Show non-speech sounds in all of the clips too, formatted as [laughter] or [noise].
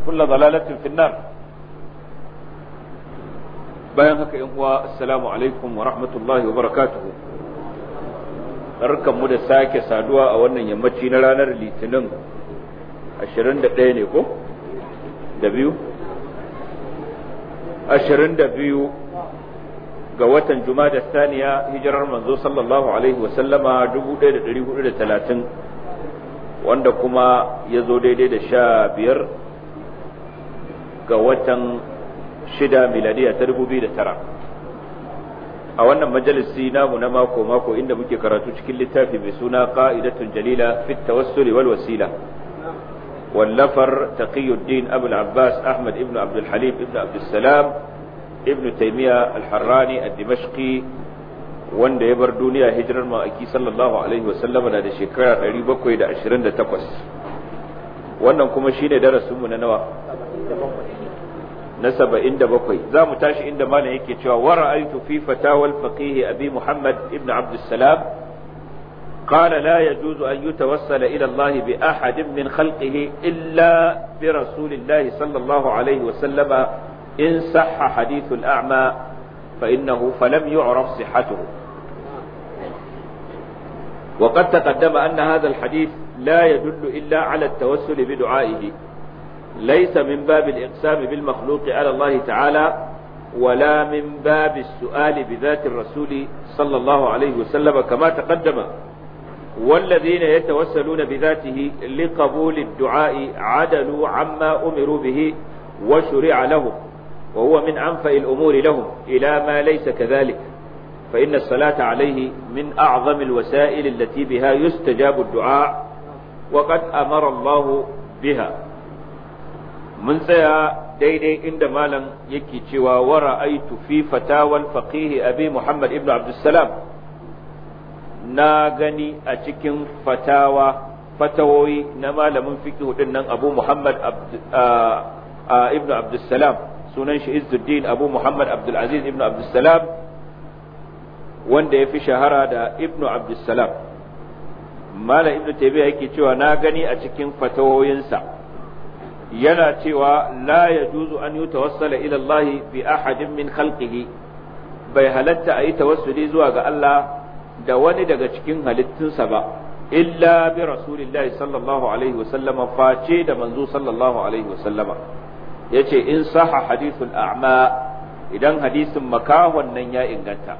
وكل ضلالة في النار bayan haka yan uwa assalamu alaikum wa rahmatullahi wa barakatuhu barkanmu da sake saduwa a wannan yammaci na ranar litinin 21 ne ko da biyu 22 ga watan jumada saniya hijirar manzo sallallahu alaihi wasallama 1430 wanda kuma ya zo daidai da sha biyar ga watan shida miladiya ta dubu biyu da tara a wannan majalisi namu na mako mako inda muke karatu cikin littafi mai suna ka'idatun jalila fit tawassuli wal wasila wallafar taqiyuddin abul abbas ahmad ibn abdul halim ibn abdul salam ibn taymiya al-harrani ad-dimashqi wanda ya bar duniya hijirar ma'aiki sallallahu alaihi wasallama na da shekara 728 wannan kuma shine darasinmu na nawa na saba'in da bakwai za mu tashi inda malam yake cewa wa ra'aytu fi fatawal faqih abi muhammad قال لا يجوز أن يتوسل إلى الله بأحد من خلقه إلا برسول الله صلى الله عليه وسلم إن صح حديث الأعمى فإنه فلم يعرف صحته وقد تقدم أن هذا الحديث لا يدل إلا على التوسل بدعائه ليس من باب الإقسام بالمخلوق على الله تعالى ولا من باب السؤال بذات الرسول صلى الله عليه وسلم كما تقدم والذين يتوسلون بذاته لقبول الدعاء عدلوا عما أمروا به وشرع لهم وهو من أنفأ الأمور لهم إلى ما ليس كذلك فإن الصلاة عليه من أعظم الوسائل التي بها يستجاب الدعاء وقد أمر الله بها mun tsaya daidai inda malam yake cewa wa ra'aytu fi fatawal faqih abi muhammad ibnu abdussalam na gani a cikin fatawa fatawoyi na malamin fiqh din nan abu muhammad ibnu abdussalam sunan shi izzuddin abu muhammad abdul aziz ibnu abdussalam wanda ya fi shahara da ibnu abdussalam malam ibnu taymiya yake cewa na gani a cikin fatawoyinsa yana cewa la yajuzu an tawassala ila Allah bi ahadin min khalqihi bai halatta a yi tawassuli zuwa ga Allah da wani daga cikin halittunsa ba illa bi rasulillah sallallahu alaihi wa sallama face da manzo sallallahu alaihi wa sallama yace in saha hadithul a'ma idan hadisin makahon nan ya inganta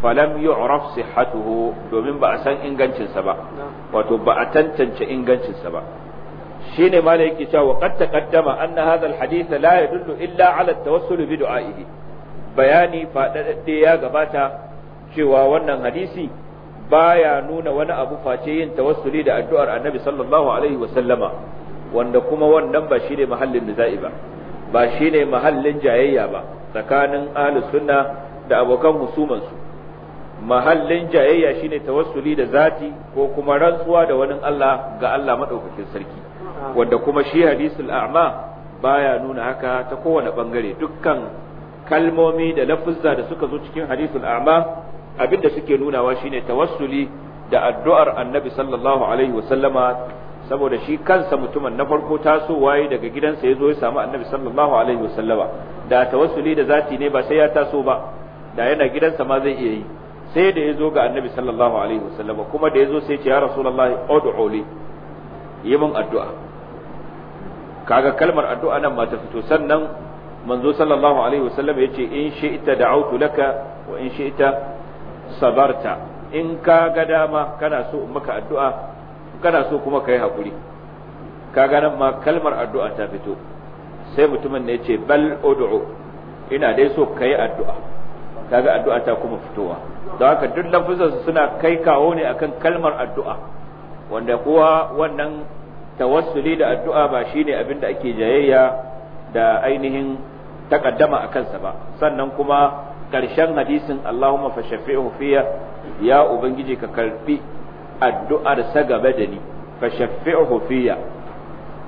falam yu'raf sihhatuhu domin ba a san ingancinsa ba wato ba a tantance ingancinsa ba shine ma yake cewa wa qad taqaddama anna hadha alhadith la yadullu illa ala at-tawassul bi du'a'ihi bayani fadadadde ya gabata cewa wannan hadisi baya nuna wani abu face yin tawassuli da addu'ar annabi sallallahu alaihi wa sallama wanda kuma wannan ba shine mahallin nizai ba ba shine mahallin jayayya ba tsakanin ahlus sunna da abokan husuman su mahallin jayayya shine tawassuli da zati ko kuma rantsuwa da wani Allah ga Allah madaukakin sarki wanda kuma shi hadisul a'ma baya nuna haka ta kowane bangare dukkan kalmomi da lafuzza da suka zo cikin hadisul a'ma abinda suke nunawa shine tawassuli da addu'ar annabi sallallahu alaihi wa sallama saboda shi kansa mutumin na farko taso waye daga gidansa ya zo ya samu annabi sallallahu alaihi wa sallama da tawassuli da zati ne ba sai ya taso ba da yana gidansa ma zai iya yi sai da yazo ga annabi sallallahu alaihi wa sallama kuma da yazo zo sai ce ya rasulullahi ud'u li yi min addu'a kaga kalmar addu'a nan ma ta fito sannan manzo sallallahu alaihi wasallam yace in shi'ta da'awtu laka wa in shi'ta sabarta in ka ga dama kana so in maka addu'a kana so kuma kai hakuri kaga nan ma kalmar addu'a ta fito sai mutumin ne yace bal ud'u ina dai so kai addu'a kaga addu'a ta kuma fitowa don haka duk lafuzansu suna kai kawo ne akan kalmar addu'a wanda kuwa wannan tawassuli da addu'a ba shine abin da ake jayayya da ainihin takaddama a kansa ba sannan kuma ƙarshen hadisin Allahumma fashafi'hu fiya ya ubangiji ka karbi addu'ar sa gaba da ni fashafi'hu fiya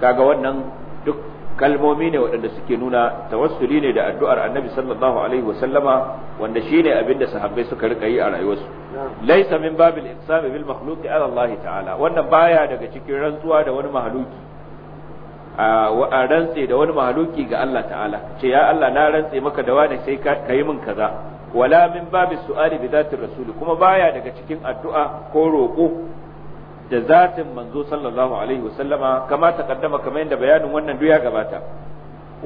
kaga wannan duk kalmomi ne waɗanda suke nuna tawassuli ne da addu'ar annabi sallallahu alaihi wa sallama wanda shi ne abinda sahabbai suka rika yi a rayuwarsu laysa min babil iqsam bil makhluq ala Allah ta'ala wannan baya daga cikin rantsuwa da wani mahaluki a rantse da wani mahaluki ga Allah ta'ala ce ya Allah na rantse maka da wani sai ka yi min kaza wala min babi su'ali bi zati rasuli kuma baya daga cikin addu'a ko roƙo da zatin manzo sallallahu alaihi wasallama kama taqaddama kamar yadda bayanin wannan duk ya gabata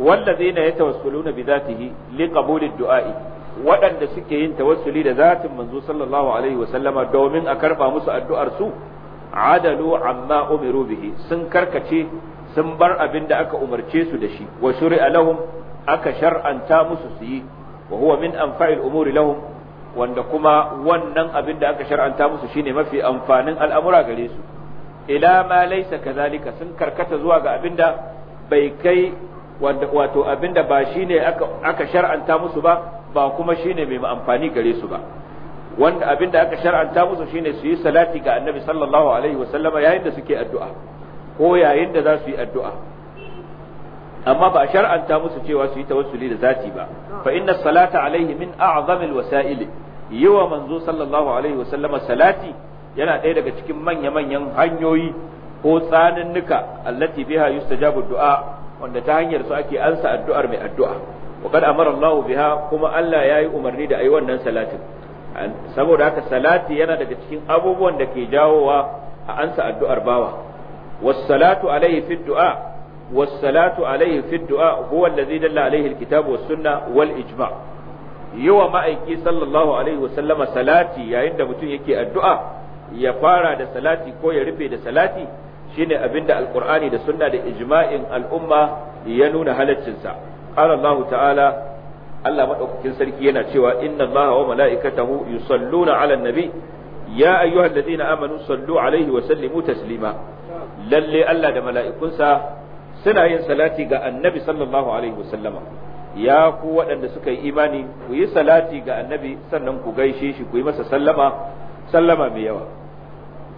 wallazina yatawassaluna bi zatihi li qabuli du'a'i waɗanda suke yin tawassuli da zatin manzo sallallahu alaihi wasallama domin a karba musu addu'ar su adalu amma umiru bihi sun karkace sun bar abin da aka umarce su da shi wa shuri'a lahum aka shar'anta musu su yi wa huwa min anfa'il umuri lahum wanda kuma wannan abin da aka shar'anta musu shine mafi amfanin al'amura gare su ila ma laysa kazalika sun karkata zuwa ga abin da bai kai wato abin da ba shine aka shar'anta musu ba ba kuma shine mai amfani gare su ba wanda abin da aka shar'anta musu shine su yi salati ga annabi sallallahu alaihi wasallama yayin da suke addu'a ko yayin da za su yi addu'a amma ba a shar'anta musu cewa su yi tawassuli da zati ba fa inna salata alaihi min a'zamil wasa'il yiwa manzo sallallahu alaihi wa sallama salati yana ɗaya daga cikin manya-manyan hanyoyi ko tsanannuka allati biha yustajabu du'a wanda ta hanyar su ake ansa addu'ar mai addu'a wa kad amara Allah biha kuma Allah yayi umarni da ayi wannan salatin saboda haka salati yana daga cikin abubuwan da ke jawowa a ansa addu'ar bawa was salatu alaihi fi du'a والصلاة عليه في الدعاء هو الذي دل عليه الكتاب والسنة والإجماع يوى ما أيكي صلى الله عليه وسلم صلاتي يا عند متون يكي الدعاء يا فارا دا صلاتي كو يا ربي دا صلاتي شين أبن دا القرآن دا سنة دا إجماع الأمة ينون هلتشنسا قال الله تعالى Allah madaukakin sarki yana cewa inna Allah wa mala'ikatahu yusalluna 'alan nabi ya ayyuhalladhina amanu sallu 'alaihi wa sallimu taslima lalle Allah da mala'ikunsa suna yin salati ga annabi sallallahu alaihi wasallama ya ku waɗanda suka yi imani ku yi salati ga annabi sannan ku gaishe shi ku yi masa sallama sallama mai yawa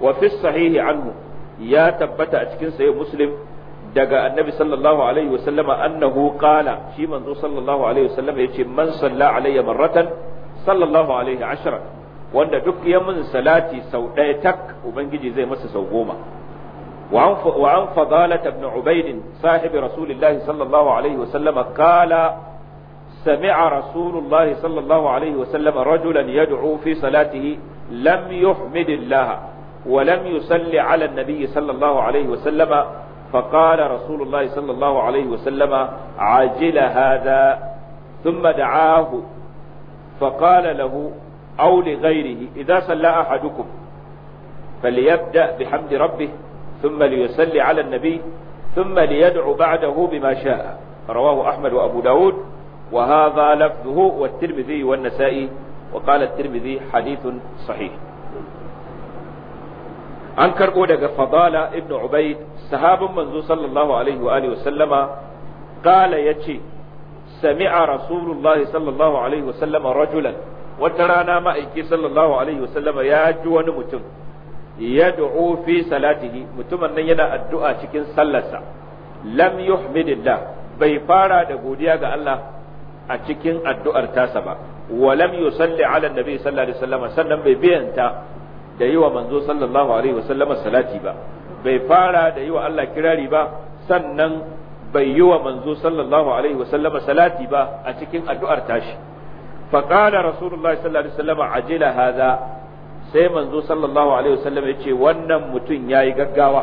wa fi sahihi anhu ya tabbata a cikin sahih muslim daga annabi sallallahu alaihi wasallama annahu qala shi manzo sallallahu alaihi wasallama yace man salla alayya marratan sallallahu alaihi ashara wanda duk ya mun salati sau ɗaya tak ubangiji zai masa sau goma وعن فضالة بن عبيد صاحب رسول الله صلى الله عليه وسلم قال سمع رسول الله صلى الله عليه وسلم رجلا يدعو في صلاته لم يحمد الله ولم يصلي على النبي صلى الله عليه وسلم فقال رسول الله صلى الله عليه وسلم عجل هذا ثم دعاه فقال له أو لغيره إذا صلى أحدكم فليبدأ بحمد ربه ثم ليصلي على النبي ثم ليدعو بعده بما شاء رواه أحمد وأبو داود وهذا لفظه والترمذي والنسائي وقال الترمذي حديث صحيح an karɓo daga fadala ibnu ubaid sahabin manzo sallallahu alaihi wa alihi wasallama kala yace sami'a rasulullah sallallahu alaihi wasallama rajulan wata rana ma'aiki sallallahu alaihi wasallama ya ji wani mutum yad'u fi salatihi mutumin nan yana addu'a cikin sallarsa lam yuhmidillah bai fara da godiya ga Allah a cikin addu'ar tasa ba wa lam yusalli ala nabi sallallahu alaihi wasallam sannan bai biyanta da yi wa manzo sallallahu alaihi wasallam salati ba bai fara da yi wa Allah kirari ba sannan bai yi wa manzo sallallahu alaihi wasallam salati ba a cikin addu'ar tashi faqala rasulullahi sallallahu alaihi wasallam sai manzo sallallahu alaihi wasallam ya ce wannan mutum yayi gaggawa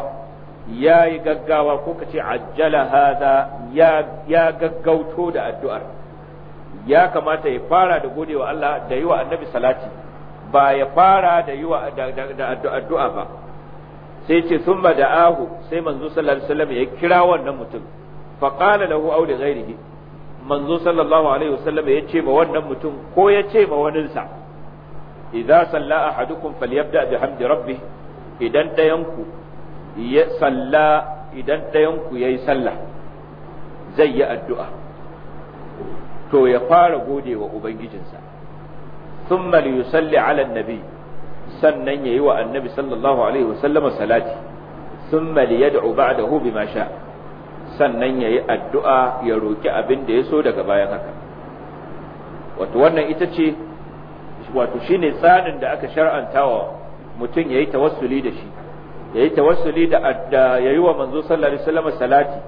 yayi gaggawa ko kace ajjala hada ya ya gaggauto da addu'ar ya kamata ya fara da godewa Allah da yi wa annabi salati ba ya fara da yi wa da addu'a ba sai ce summa da'ahu sai manzo sallallahu alaihi wasallam ya kira wannan mutum fa qala lahu aw li ghairihi manzo sallallahu alaihi wasallam ya ce ba wannan mutum ko ya ce ba waninsa idza salla ahadukum falyabda bihamdi rabbih idan dayanku ya salla idan dayanku zai yi addu'a to ya fara gode wa ubangijinsa thumma liyusalli ala nabi sannan yayi wa annabi sallallahu alaihi wasallama salati thumma liyad'u ba'dahu bima sha sannan yayi addu'a ya roki abin da ya so daga bayan haka wato wannan ita ce wato shine tsarin da aka shar'antawa mutum yayi tawassuli da shi yayi tawassuli da yayi wa manzo sallallahu alaihi wasallam salati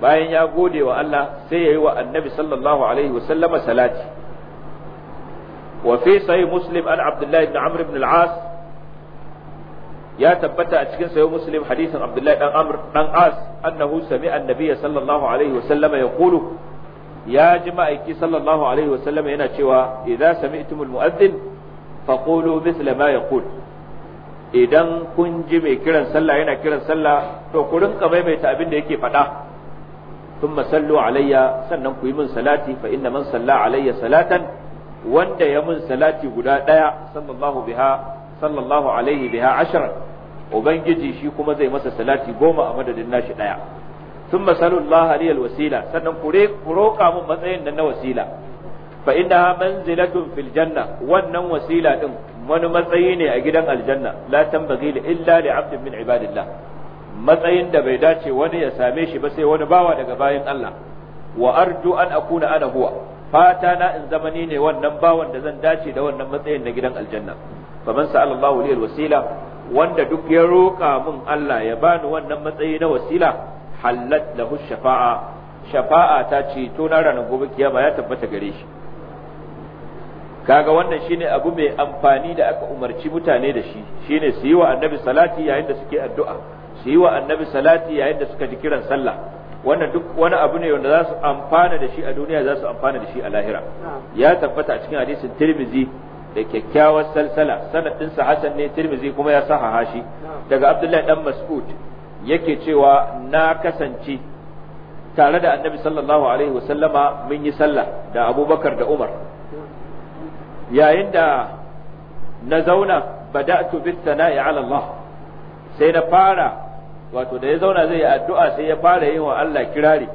bayan ya gode wa Allah sai yayi wa annabi sallallahu alaihi wasallam salati wa fi sahih muslim an abdullahi ibn amr ibn al-as ya tabbata a cikin sahih muslim hadisin abdullahi dan amr dan as annahu sami'a annabi sallallahu alaihi wasallam yaqulu ya ji ma'aiki sallallahu alaihi wasallam yana cewa idza sami'tumul mu'adhdhin faqulu mithla ma yaqul idan kun ji mai kiran sallah yana kiran sallah to ku rinka maimaita abin da yake faɗa thumma sallu alayya sannan ku yi min salati fa inna man salla alayya salatan wanda ya min salati guda ɗaya sallallahu biha sallallahu alaihi biha ashara ubangiji shi kuma zai masa salati goma a madadin nashi ɗaya sun masalullah aliyal wasila sannan ku roƙa mun matsayin da na wasila fa inna manzilatun fil janna wannan wasila din wani matsayi ne a gidan aljanna la tambaghi li illa li abdin min ibadillah matsayin da bai dace wani ya same shi ba sai wani bawa daga bayan Allah wa arju an akuna ana huwa fata na in zama ni ne wannan bawan da zan dace da wannan matsayin na gidan aljanna faman sa'ala Allahu li wasila wanda duk ya roƙa mun Allah ya bani wannan matsayi na wasila hallat lahu shafa'a shafa'a ta ceto na ranar gobe kiyama ya tabbata gare shi kaga wannan shine abu mai amfani da aka umarci mutane da shi shine su yi wa annabi salati yayin da suke addu'a su yi wa annabi salati yayin da suka ji kiran sallah wannan duk wani abu ne wanda za su amfana da shi a duniya za su amfana da shi a lahira ya tabbata a cikin hadisin tirmizi da kyakkyawar salsala sanadinsa hasan ne tirmizi kuma ya sahaha shi daga abdullahi dan mas'ud yake cewa na kasance tare da annabi sallallahu alaihi wasallama mun yi sallah da abubakar da umar yayin da na zauna bada'tu bit sana'i ala Allah sai na fara wato da ya zauna zai yi addu'a sai ya fara yin wa Allah kirari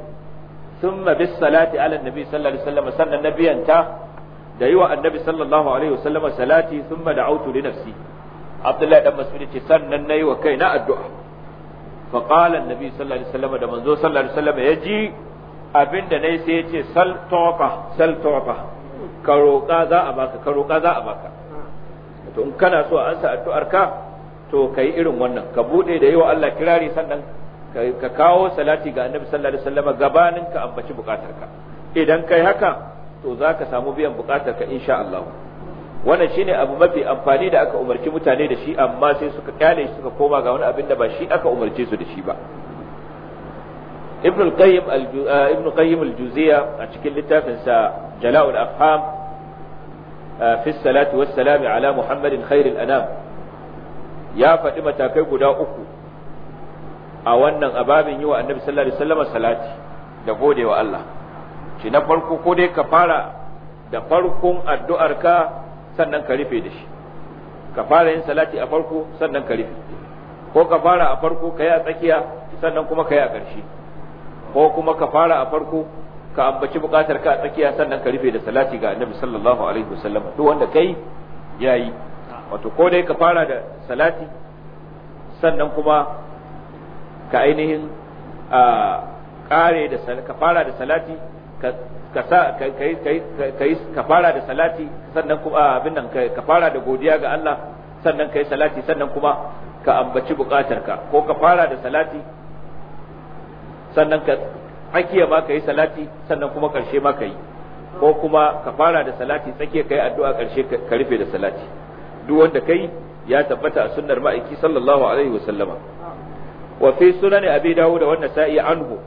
thumma bis salati ala annabi sallallahu alaihi wasallam sannan nabiyanta da yi wa annabi sallallahu alaihi wasallam salati thumma da'awtu li nafsi Abdullahi dan Mas'ud ce sannan nayi wa kaina addu'a fa qala annabi sallallahu da manzo sallallahu ya ji abinda nayi sa ya ce sal toqa sal toqa za a baka ka roƙa za a baka to in kana so a ansa addu'ar ka to irin wannan ka bude da yawa Allah kirari sannan ka kawo salati ga annabi sallallahu alaihi gabanin ka ambaci bukatarka idan kai haka to zaka samu biyan bukatarka insha wannan shine abu mafi amfani da aka umarci mutane da shi amma sai suka kyale shi suka koma ga wani abin da ba shi aka umarce su da shi ba ibn al-qayyim al eh, juziya a cikin littafin sa jala'ul afham eh, fi salati was salam ala muhammadin khairil anam ya faɗi matakai guda uku a wannan ababin yi wa annabi sallallahu alaihi wasallam salati da gode wa Allah shi na farko ko dai ka fara da farkon addu'arka sannan ka rufe da shi ka fara yin salati a farko sannan ka rufe ko ka fara a farko ka yi a tsakiya sannan kuma ka yi a ƙarshe ko kuma ka fara a farko ka ambaci buƙatar ka a tsakiya sannan ka rufe da salati ga annabi sallallahu alaihi wasallam duk wanda kai yayi wato ko dai ka fara da salati sannan kuma ka ainihin a kare da ka fara da salati ka ka sa ka ka fara da salati sannan kuma ah, abin nan ka fara da godiya ga Allah sannan ka yi salati sannan kuma ka ambaci bukatarka ko ka fara da salati sannan ka hakiya ma ka yi salati sannan kuma karshe ma ka yi ko kuma ka fara da salati tsakiya ka yi addu'a karshe ka rufe da salati duk wanda kai ya tabbata a sunnar ma'aiki sallallahu alaihi wa sallama wa fi sunan abi dawud wa an-nasa'i anhu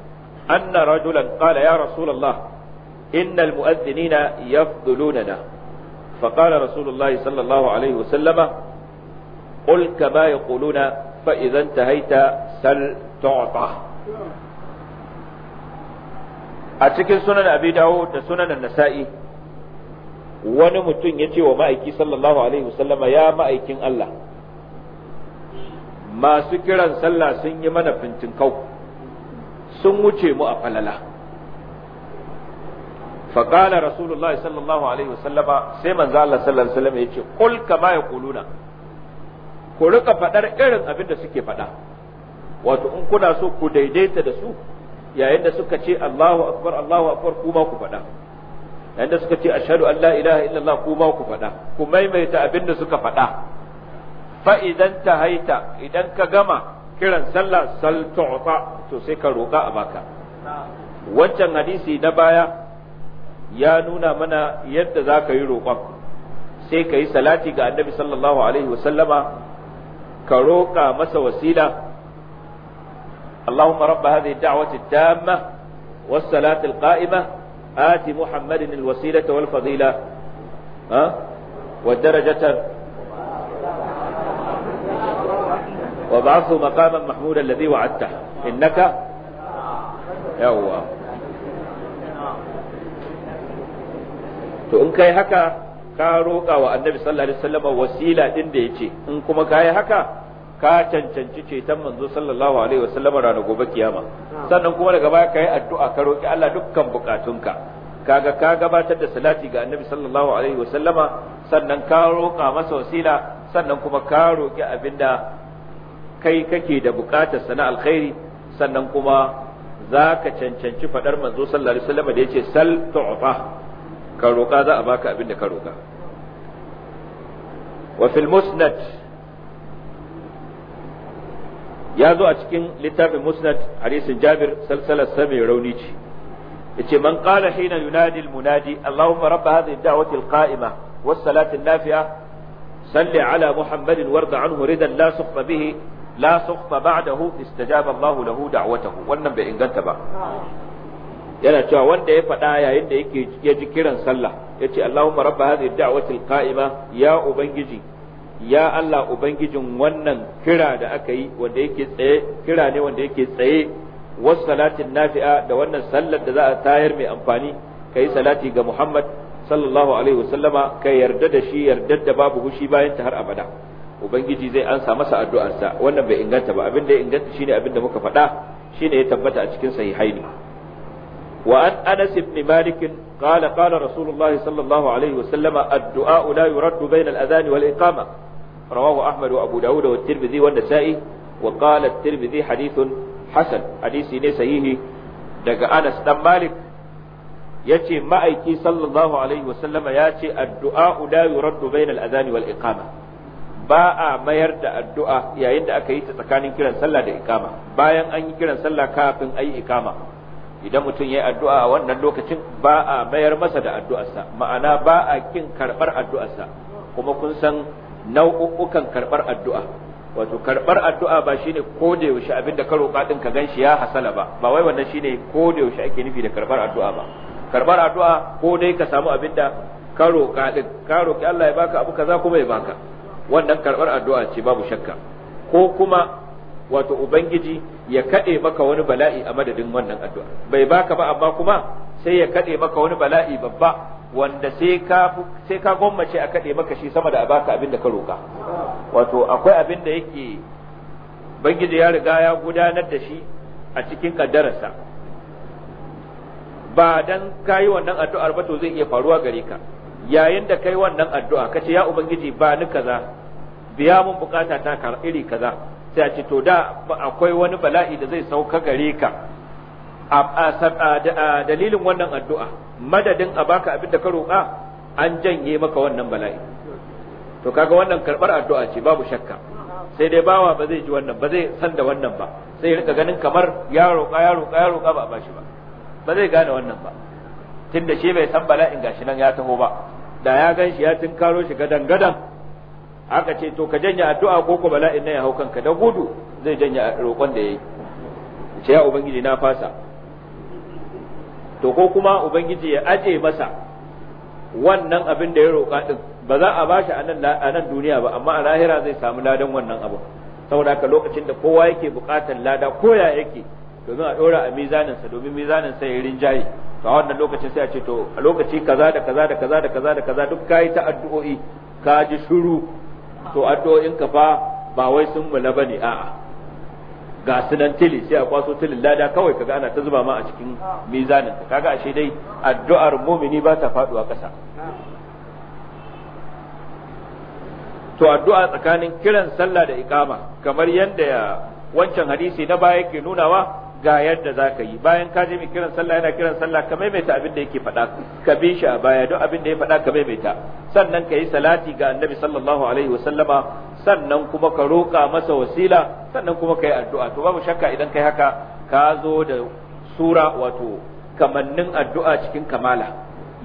anna rajulan qala ya rasulullah innal mu'adhdhinina yafdhulunana fa qala rasulullahi sallallahu alaihi wasallama qul kama yaquluna fa idza sal tu'ta a cikin sunan abi dawud da sunan nasai wani mutum ya ce wa ma'aiki sallallahu alaihi wasallama ya ma'aikin Allah masu kiran sallah sun yi mana fintinkau sun wuce mu a falala فقال رسول sallallahu alaihi الله عليه sai manzo Allah sallallahu alaihi wasallam yace qul kama yaquluna ku rika fadar irin abin da suke fada wato in kuna so ku daidaita da su yayin da suka ce Allahu akbar Allahu akbar ku ma ku fada yayin da suka ce ashhadu an la ilaha illallah ku ma ku fada ku maimaita abin da suka fada fa idan tahaita idan ka gama kiran sallah sal tu'ta to sai ka roka a baka wancan hadisi na baya ya nuna mana yadda za ka yi roƙon sai ka yi salati ga annabi sallallahu alaihi wasallama ka roƙa masa wasila اللهم رب هذه الدعوة التامة والصلاة القائمة آت محمد الوسيلة والفضيلة أه؟ والدرجة وابعثه مقاما محمودا الذي وعدته إنك يا الله to in kai haka ka roƙa wa annabi sallallahu alaihi wasallam wasila din da yace in kuma kai haka ka cancanci ceton manzo sallallahu alaihi wasallam ranar gobe kiyama sannan kuma daga baya kai addu'a ka roƙi Allah dukkan bukatunka kaga ka gabatar da salati ga annabi sallallahu alaihi wasallama sannan ka roƙa masa wasila sannan kuma ka roƙi abinda kai kake da bukatar sana alkhairi sannan kuma za ka cancanci faɗar manzo sallallahu alaihi wasallama da yace sal tu'ta ka roƙa za a baka abin da ka roƙa wa fil musnad ya zo a cikin littafin musnad hadisin jabir salsalar sa mai rauni ce yace man qala hina yunadi al munadi allahumma rabb hadhihi ad-da'wati al-qa'imah was salati an-nafi'ah salli ala muhammadin warda anhu ridan la sukhfa bihi la sukhfa ba'dahu istajaba allah lahu da'watahu wannan bai inganta ba yana cewa wanda ya faɗa yayin da yake ya ji kiran sallah yace Allahumma rabb hadhihi ad-da'wati al-qa'ima ya ubangiji ya Allah ubangijin wannan kira da aka yi wanda yake tsaye kira ne wanda yake tsaye was salatin nafi'a da wannan sallar da za a tayar mai amfani kai salati ga Muhammad sallallahu alaihi wasallama ka yarda da shi yarda da babu hushi bayan ta har abada ubangiji zai ansa masa addu'arsa wannan bai inganta ba abin da ya inganta shine abin da muka faɗa shine ya tabbata a cikin sahihaini وعن أنس بن مالك قال قال رسول الله صلى الله عليه وسلم الدعاء لا يرد بين الأذان والإقامة رواه أحمد وأبو داود والترمذي والنسائي وقال الترمذي حديث حسن حديث نسيه دقى أنس بن مالك yace ma'aiki sallallahu alaihi wasallama ya ce addu'a la yuraddu bain al-adhan wal iqama ba a mayar da addu'a yayin da aka yi ta tsakanin kiran sallah da ikama bayan an yi kiran salla kafin yi ikama. idan mutum ya yi addu'a a wannan lokacin ba a mayar masa da addu'arsa ma'ana ba a kin karɓar addu'arsa kuma kun san nau'ukan karɓar addu'a wato karɓar addu'a ba ne ko da yaushe abin da ka roƙa ka ka shi ya hasala ba ba wai wannan ne ko da yaushe ake nufi da karɓar addu'a ba karɓar addu'a ko dai ka samu abin da ka roƙa ka roƙi Allah ya baka abu kaza kuma ya baka wannan karɓar addu'a ce babu shakka ko kuma wato ubangiji ya kade maka wani bala'i a madadin wannan addu'a bai baka ba amma kuma sai ya kade maka wani bala'i babba wanda sai ka sai ka gwammace a kade maka shi sama da a abin da ka roka wato akwai abin da yake ubangiji ya riga ya gudanar da shi a cikin kaddararsa ba dan kayi wannan addu'ar ba to zai iya faruwa gare ka yayin da kai wannan addu'a kace ya ubangiji ba ni kaza biya mun bukata ta iri kaza sai a ce to da akwai wani bala'i da zai sauka gare ka a dalilin wannan addu'a madadin a baka abin da ka roƙa an janye maka wannan bala'i to kaga wannan karɓar addu'a ce babu shakka sai dai bawa ba zai ji wannan ba zai san da wannan ba sai rika ganin kamar ya roƙa ya roƙa ya roƙa ba a bashi ba ba zai gane wannan ba tunda shi bai san bala'in gashi nan ya taho ba da ya gan shi ya tinkaro shi gadan gadan aka ce to ka janya addu'a ko ko bala'in nan ya hau kanka da gudu zai janya roƙon da yayi ce ya ubangiji na fasa to ko kuma ubangiji ya aje masa wannan abin da ya roƙa din ba za a bashi a nan duniya ba amma a lahira zai samu ladan wannan abu saboda haka lokacin da kowa yake buƙatar lada ko ya yake domin a ɗora a mizaninsa domin mizaninsa ya rinjaye to a wannan lokacin sai a ce to a lokaci kaza da kaza da kaza da kaza da kaza duk kayi ta addu'o'i ka ji shiru to addu'o'in ka fa ba wai sun mula bane a'a ga sunan tili sai a kwaso tilin lada kawai kaga ana ta zuba ma a cikin mizanin ka kaga ashe dai addu'ar mumini ba ta faduwa ƙasa to addu'a tsakanin kiran sallah da ikama, kamar yadda wancan hadisi na baya yake nunawa ga yadda za ka yi bayan ka je mai kiran sallah yana kiran sallah ka maimaita abin da yake faɗa ka bi shi a baya don abin da ya faɗa ka maimaita sannan ka yi salati ga annabi sallallahu alaihi wa sallama sannan kuma ka roƙa masa wasila sannan kuma ka yi addu'a to babu shakka idan kai haka ka zo da sura wato kamannin addu'a cikin kamala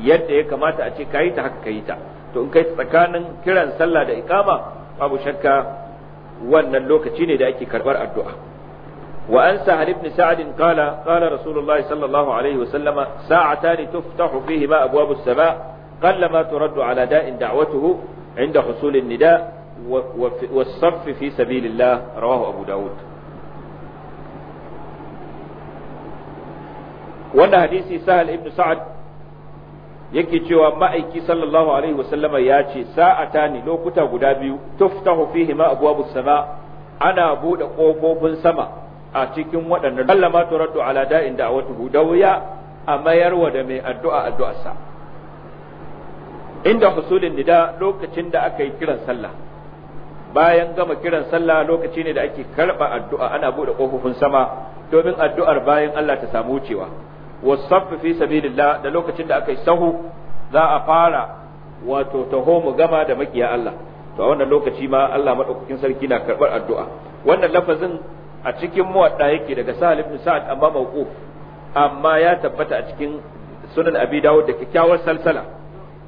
yadda ya kamata a ce ka yi ta haka ka yi ta to in kai tsakanin kiran sallah da ikama babu shakka wannan lokaci ne da ake karɓar addu'a وأن سهل بن سعد قال قال رسول الله صلى الله عليه وسلم ساعتان تفتح فيهما أبواب السماء قلما ترد على داء دعوته عند حصول النداء والصف في سبيل الله رواه أبو داود wannan hadisi sahal ibn sa'ad yake cewa ma'aiki sallallahu alaihi wasallama ya ce sa'ata ne lokuta guda biyu tuftahu fihi ma sama ana bude kofofin sama a cikin waɗannan lallama turaddu ala da'in da'watuhu da wuya a mayarwa da mai addu'a addu'arsa inda husulin nida lokacin da aka yi kiran sallah bayan gama kiran sallah lokaci ne da ake karɓa addu'a ana buɗe ƙofofin sama domin addu'ar bayan Allah ta samu wucewa wasaffi fi sabilillah da lokacin da aka yi sahu za a fara wato taho mu gama da makiya Allah to a wannan lokaci ma Allah madaukakin sarki na karɓar addu'a wannan lafazin a cikin muwadda yake daga sahal ibn sa'ad amma mawquf amma ya tabbata a cikin sunan abi dawud da kyakkyawar salsala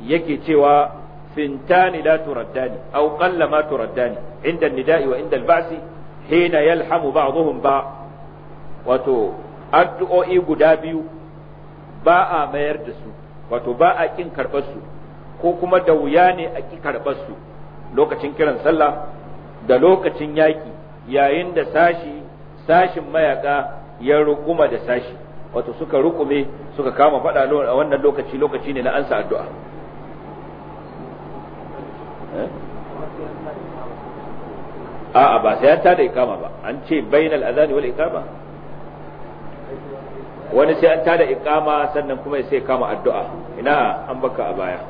yake cewa fintani la turaddani aw qalla ma turaddani inda nida'i wa inda al-ba'si hina yalhamu ba'dhum ba wato addu'o'i guda biyu ba a mayar da su wato ba a kin karɓar su ko kuma da wuya ne a ki karɓar su lokacin kiran sallah da lokacin yaki yayin da sashi sashin mayaka ya rukuma da sashi wato suka rukume suka kama fada a wannan lokaci lokaci ne na ansa addu'a eh? a'a ba sai ta tada ikama ba an ce bainal azani wal ikama wani sai an tada ikama sannan kuma sai kama addu'a ina an baka a baya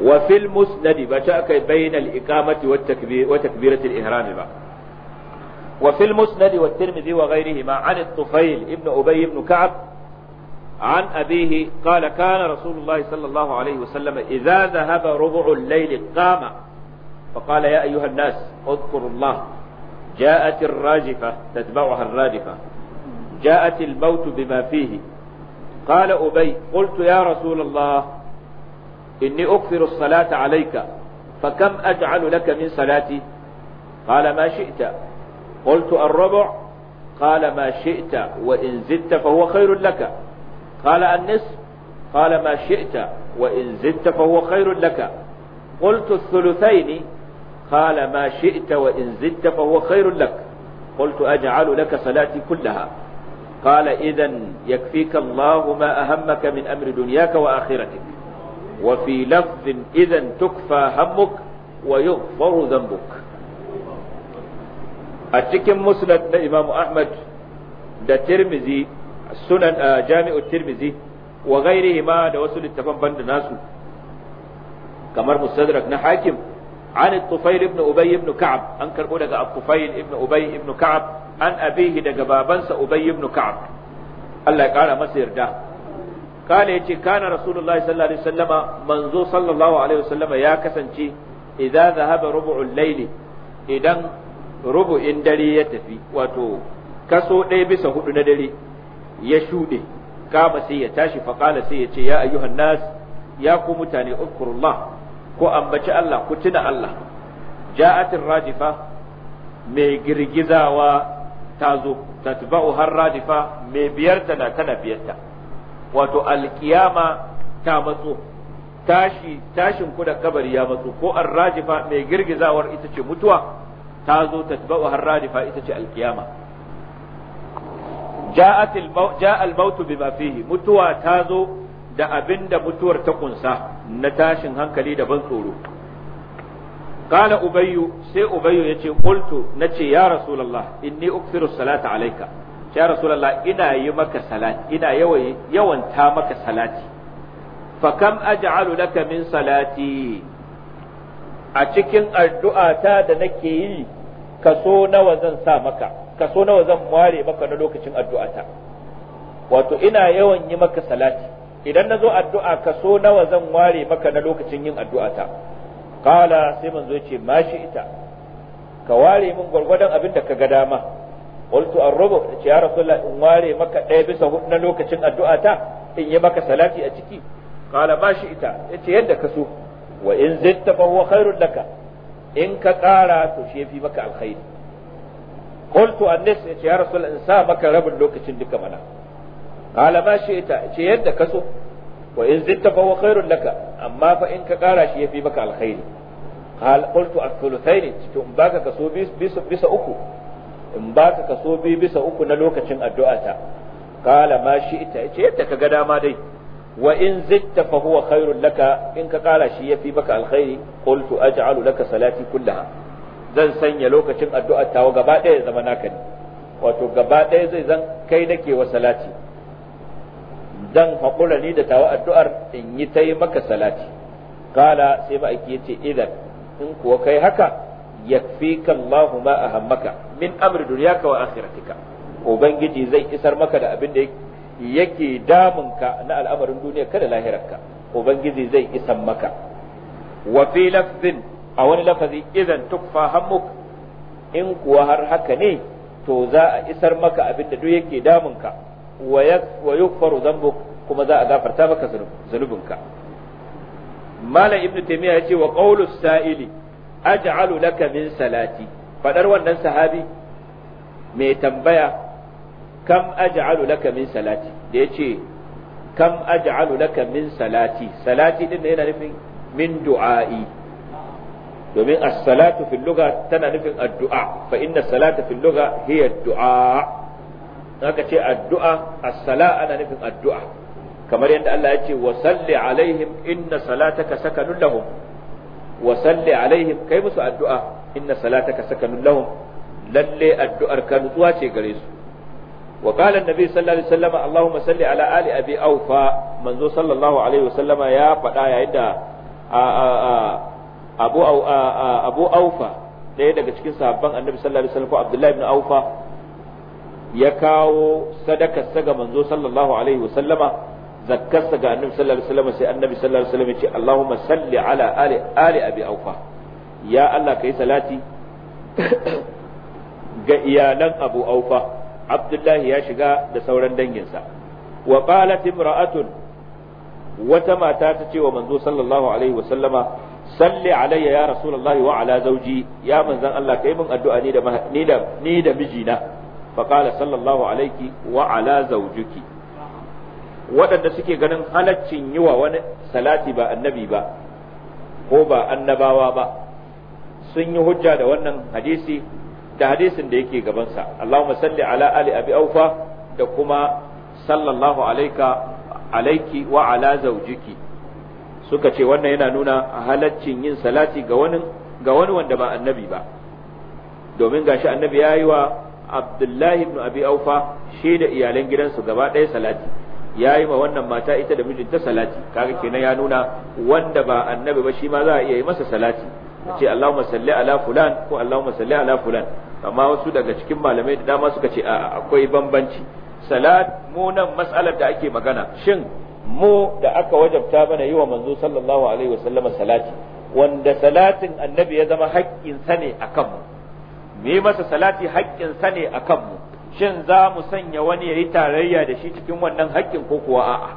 wa fil musnad ba ta kai bainal ikamati wat takbir wa takbiratul ihram ba وفي المسند والترمذي وغيرهما عن الطفيل ابن أبي بن كعب عن أبيه قال كان رسول الله صلى الله عليه وسلم إذا ذهب ربع الليل قام فقال يا أيها الناس اذكروا الله جاءت الراجفة تتبعها الرادفة جاءت الموت بما فيه قال أبي قلت يا رسول الله إني أكثر الصلاة عليك فكم أجعل لك من صلاتي قال ما شئت قلت الربع قال ما شئت وإن زدت فهو خير لك قال النصف قال ما شئت وإن زدت فهو خير لك قلت الثلثين قال ما شئت وإن زدت فهو خير لك قلت أجعل لك صلاتي كلها قال إذا يكفيك الله ما أهمك من أمر دنياك وآخرتك وفي لفظ إذا تكفى همك ويغفر ذنبك a cikin musnad na imamu ahmad da tirmizi sunan jami'u tirmizi wa ghairihi ma da wasu littafan banda nasu kamar mustadrak na hakim عن الطفيل ابن أبي بن كعب أنكر أولى الطفيل ابن أبي بن كعب عن أبيه دقبا بنس أبي بن كعب الله قال مسير ده قال يجي كان رسول الله صلى الله عليه وسلم منذ صلى الله عليه وسلم يا كسنشي إذا ذهب ربع الليل إذا rubu'in dare ya tafi wato kaso ɗaya bisa hudu na dare ya shuɗe kama sai ya tashi faƙala sai ya ce ya ayyuhan nas ya ku mutane ukurullah ko ambaci Allah ku tuna Allah ja'atin rajifa mai girgizawa ta zo tatba'u har rajifa mai biyarta na tana biyarta wato alkiyama ta matso tashi tashin ku da kabari ya matso ko arrajifa mai girgizawar ita ce mutuwa ta zo tatba'u har radifa ita ce alkiyama ja al bi bima mutuwa ta zo da abinda mutuwar ta kunsa na tashin hankali da ban tsoro kana ubayyu sai ubayyu yace qultu nace ya rasulullah inni ukthiru salata alayka ya ina yi maka salati ina yawan ta maka salati fa kam aj'alu laka min salati a cikin addu'ata da nake yi kaso nawa zan sa maka kaso nawa zan ware maka na lokacin addu'ata wato ina yawan yi maka salati idan na zo addu'a kaso nawa zan ware maka na lokacin yin addu'ata kala sai zo ce ma shi ita ka ware min gwargwadon abin da ka ga dama qultu ar-rubu ce ya rasulullah in ware maka ɗaya bisa hudu na lokacin addu'ata in yi maka salati a ciki kala ma shi ita yace yadda ka so wa in zitta fa huwa khairul laka in ka ƙara to shi yafi maka alkhairi qultu annas yace ya rasul in sa maka rabin lokacin duka mana qala ma ita ce yadda ka so wa in zitta fa huwa khairul laka amma fa in ka ƙara shi yafi maka alkhairi qala qultu athuluthaini to in baka kaso bisa bisa uku in baka kaso bi bisa uku na lokacin addu'a ta qala ma shi'ta ce yadda ka ga dama dai wa in zitta fa huwa khairul laka in ka kara shi yafi baka alkhairi qultu aj'alu laka salati kullaha zan sanya lokacin addu'a tawa gaba ɗaya zama naka ne wato gaba ɗaya zai zan kai nake wa salati zan haƙura ni da tawa addu'ar in yi ta yi maka salati kala sai ba ake ce idan in kuwa kai haka yafi Allahu ma ahammaka min amri dunyaka wa akhiratika ubangiji zai isar maka da abin da yake damunka na al'amarin duniya kada lahirarka ubangiji zai isan maka wa fi lafzin a wani lafazi idan tukfa hammuk in kuwa har haka ne to za a isar maka abin da duk yake damunka wa yukfaru zambuk kuma za a gafarta maka zunubinka malam ibnu ya ce wa qawlu sa'ili aj'alu laka min salati faɗar wannan sahabi mai tambaya kam aj'alu laka min salati da yace kam aj'alu laka min salati salati din yana nufin min du'a'i domin as-salatu fil lugha tana nufin addu'a fa inna salata fil lugha hiya addu'a haka ce addu'a as-sala ana nufin addu'a kamar yadda Allah ya ce wa salli alaihim inna salataka sakanun lahum wa salli alaihim kai musu addu'a inna salataka sakanun lahum lalle addu'ar ka nutsuwa ce gare su وقال النبي صلى الله عليه وسلم اللهم صل على آل أبي أوفى صلى الله عليه وسلم يا فدا يا daga cikin sahabban annabi sallallahu alaihi wasallam ko Abdullahi ibn Aufa ya kawo sadakar sa ga manzo sallallahu alaihi wasallama zakkar sa ga annabi sallallahu alaihi wasallam sai annabi sallallahu alaihi wasallam ya ce Allahumma salli ala ali ali abi Aufa ya Allah kai salati [coughs] ga iyalan Abu Aufa abdullahi ya shiga da sauran danginsa wa qalat wata mata ta ce wa manzo sallallahu alaihi wasallama salli alayya ya rasulullahi wa ala zauji ya manzan Allah kai min addu'a ni da ni da da mijina fa qala sallallahu alayki wa ala zawjiki waɗanda suke ganin halaccin yi wa wani salati ba annabi ba ko ba annabawa ba sun yi hujja da wannan hadisi da hadisin da yake gabansa Allahumma salli ala ali abi aufa da kuma sallallahu alaika alaiki wa ala zaujiki suka ce wannan yana nuna halaccin yin salati ga wani ga wani wanda ba annabi ba domin gashi annabi yayi wa Abdullahi ibn Abi Aufa shi da iyalan gidansu gaba ɗaya salati ya yi ma wannan mata ita da mijinta salati kaga kenan ya nuna wanda ba annabi ba shi ma za a iya yi masa salati ce Allahumma salli ala fulan ko Allahumma salli ala fulan amma wasu daga cikin malamai da dama suka ce a akwai bambanci salat mu nan mas'alar da ake magana shin mu da aka wajabta mana yi wa manzo sallallahu alaihi wa sallama salati wanda salatin annabi ya zama haƙƙin sa ne akan mu me masa salati haƙƙin sa ne akan mu shin za mu sanya wani yayi tarayya da shi cikin wannan haƙƙin ko kuwa a'a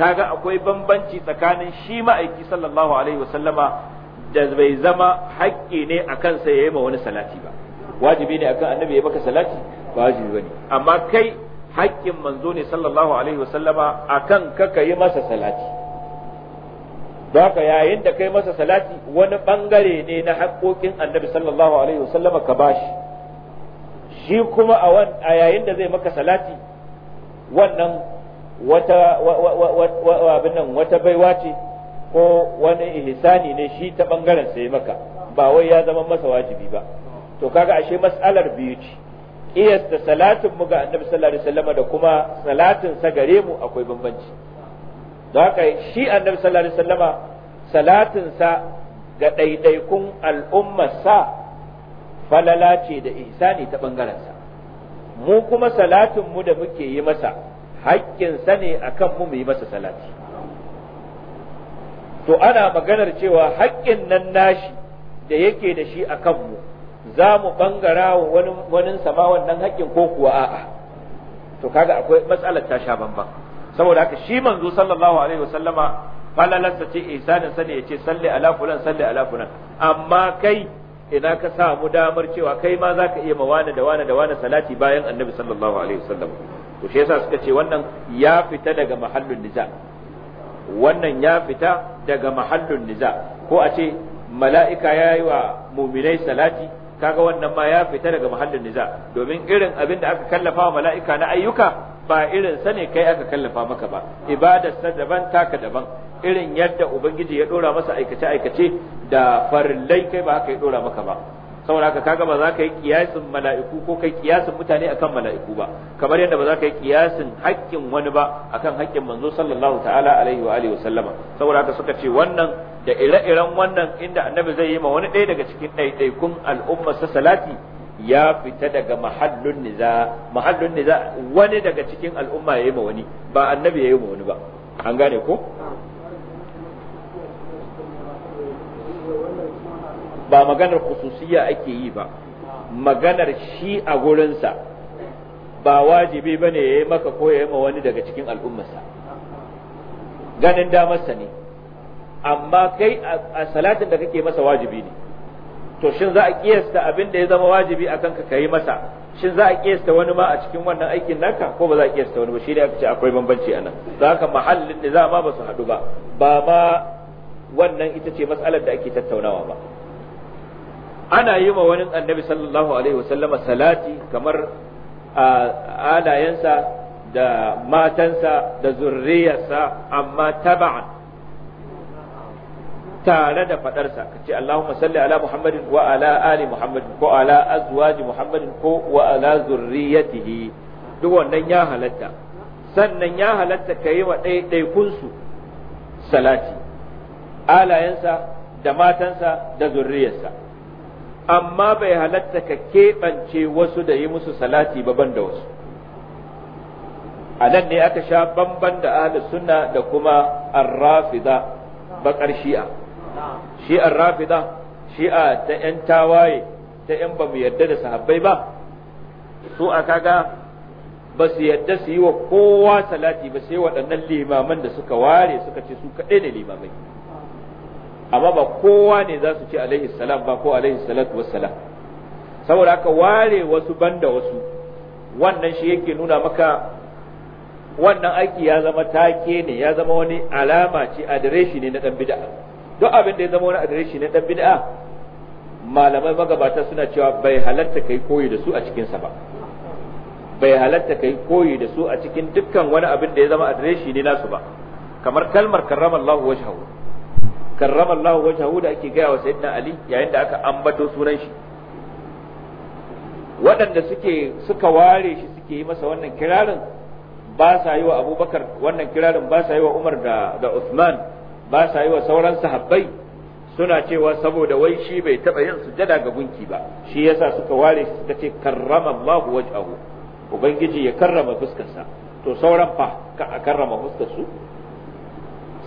kaga akwai bambanci tsakanin shi ma'aiki sallallahu alaihi wa sallama. da bai zama haƙƙi ne a kansa ya yi ma wani salati ba wajibi ne akan annabi ya maka salati ba wajibi bane amma kai haƙƙin manzo ne sallallahu alaihi wasallama akan ka ka yi masa salati don haka yayin da kai masa salati wani bangare ne na haƙƙoƙin annabi sallallahu alaihi wasallama ka bashi shi kuma a wan a yayin da zai maka salati wannan wata wa abin nan wata baiwa ce ko wani ihsani ne shi ta bangaren sai maka ba wai ya zama masa wajibi ba to kaga ashe mas'alar biyu ce iyasta salatin mu ga annabi sallallahu alaihi wasallam da kuma salatin sa gare mu akwai bambanci don haka shi annabi sallallahu alaihi wasallama salatin sa ga ɗaiɗaikun al'ummar sa falala ce da ihsani ta bangaren sa mu kuma salatin mu da muke yi masa haƙƙin sa ne akan mu mu yi masa salati to ana maganar cewa haƙƙin nan nashi da yake da shi a kanmu za mu bangara wa wani sama wannan haƙƙin ko kuwa a'a to kaga akwai matsalar ta sha banban saboda haka shi manzo sallallahu alaihi wasallama falalansa ce ihsanin sa ne yace salli ala fulan salli ala fulan amma kai idan ka samu damar cewa kai ma zaka iya mawana da wani da wani salati bayan annabi sallallahu alaihi wasallam to shi yasa suka ce wannan ya fita daga mahallin nija wannan ya fita daga mahallun niza ko a ce mala'ika ya yi wa muminai salati kaga wannan ma ya fita daga mahallin niza domin irin abin da aka kallafa wa mala'ika na ayyuka ba irin sani kai aka kallafa maka ba ibadarsa daban taka daban irin yadda ubangiji ya dora masa aikace aikace da farillai kai ba haka ya dora maka ba saboda haka kaga ba za ka yi kiyasin mala'iku ko kai kiyasin mutane akan mala'iku ba kamar yadda ba za ka yi kiyasin haƙƙin wani ba akan haƙƙin manzo sallallahu ta'ala alaihi wa alihi wasallama saboda haka suka ce wannan da ire-iren wannan inda annabi zai yi ma wani ɗaya daga cikin ɗaiɗaikun al'umma sa salati ya fita daga mahallun niza mahallun niza wani daga cikin al'umma ya yi ma wani ba annabi ya yi ma wani ba an gane ko ba maganar kususiya ake yi ba maganar shi a gurinsa ba wajibi ba ne ya yi maka ko ya yi ma wani daga cikin al'ummarsa ganin damarsa ne amma kai a salatin da kake masa wajibi ne to shin za a kiyasta abin da ya zama wajibi a kanka ka yi masa shin za a kiyasta wani ma a cikin wannan aikin naka ko ba za a kiyasta wani ba shi ne aka ce akwai bambanci a nan za ka mahallin da za ma ba su haɗu ba ba ma wannan ita ce matsalar da ake tattaunawa ba ana yi ma wani annabi sallallahu alaihi wasallama salati kamar alayensa da matansa da zurriyarsa amma taba'an tare da fadarsa ka ce Allahumma salli ala Muhammadin wa ala ali Muhammadin ko ala azwaji Muhammadin ko wa ala zurriyatihi duk wannan ya halatta sannan ya halatta ka yi wa ɗaiɗaikunsu salati alayensa da matansa da zurriyarsa amma bai halatta ka keɓance wasu da yi musu salati ba ban da wasu a nan ne aka sha bamban da ahlus sunna da kuma arrafida bakar shi'a shi arrafida shi'a ta 'yan tawaye ta 'yan ba mu yarda da sahabbai ba su a kaga ba su yarda su yi wa kowa salati ba sai waɗannan limaman da suka ware suka ce su kaɗai ne limamai amma ba kowa ne za su ce alaihi salam ba ko alaihi salatu wassalam saboda haka ware wasu banda wasu wannan shi yake nuna maka wannan aiki ya zama take ne ya zama wani alama ce adireshi ne na dan bid'a duk abin da ya zama wani adireshi ne dan bid'a malamai magabata suna cewa bai halatta kai koyi da su a cikin sa ba bai halatta kai koyi da su a cikin dukkan wani abin da ya zama adireshi ne nasu ba kamar kalmar karramallahu wajhahu Allah wajhahu da ake gaya wa sayyidina ali yayin da aka ambato sunan shi waɗanda suke suka ware shi suke yi masa wannan kirarin ba sa yi wa abubakar wannan kirarin ba sa yi wa umar da da uthman ba sa yi wa sauran sahabbai suna cewa saboda wai shi bai taba yin sujada ga gunki ba shi yasa suka ware shi suka ce Allah wajhahu ubangiji ya karrama fuskarsa to sauran fa ka karrama fuskar su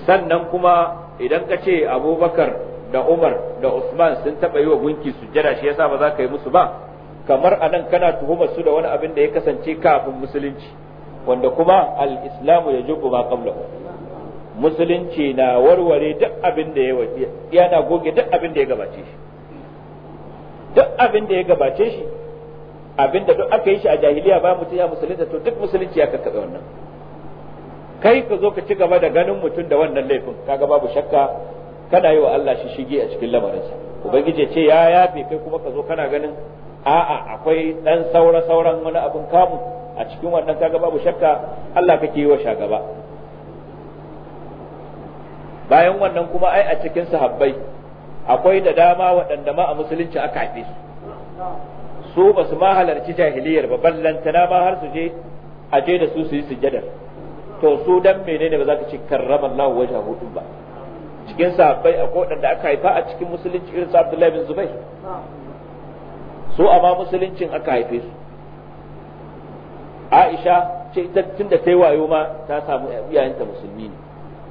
sannan kuma idan ka ce abubakar da umar da usman sun taɓa yi wa gunki su jada shi yasa ba za ka yi musu ba kamar a nan kana tuhumar su da wani abin da ya kasance kafin musulunci wanda kuma al-islamu ya jubu ma kamla musulunci na warware duk abin da ya waje yana goge duk abin da ya gabace shi duk abin da ya gabace shi abin da duk aka yi shi a jahiliya ba mutum ya musulunta to duk musulunci ya kakkaɓe wannan kai ka zo ka ci gaba da ganin mutum da wannan laifin kaga babu shakka kana yi wa Allah shi shige a cikin lamarinsa ubangiji ce ya yafe kai kuma ka zo kana ganin a'a akwai dan saura sauran wani abin kamu a cikin wannan kaga babu shakka Allah kake yi wa shagaba bayan wannan kuma ai a cikin sahabbai akwai da dama waɗanda ma a musulunci aka haife su su ba su ma halarci jahiliyar ba ballantana ma har su je a je da su su yi sujjadar to su dan menene ba za ka ce Allah wajha din ba cikin sahabbai akwai da aka haifa a cikin musulunci irin Abdullahi bin Zubair su amma musuluncin aka haife su Aisha ce ita tunda ta yi wayo ma ta samu iyayenta musulmi ne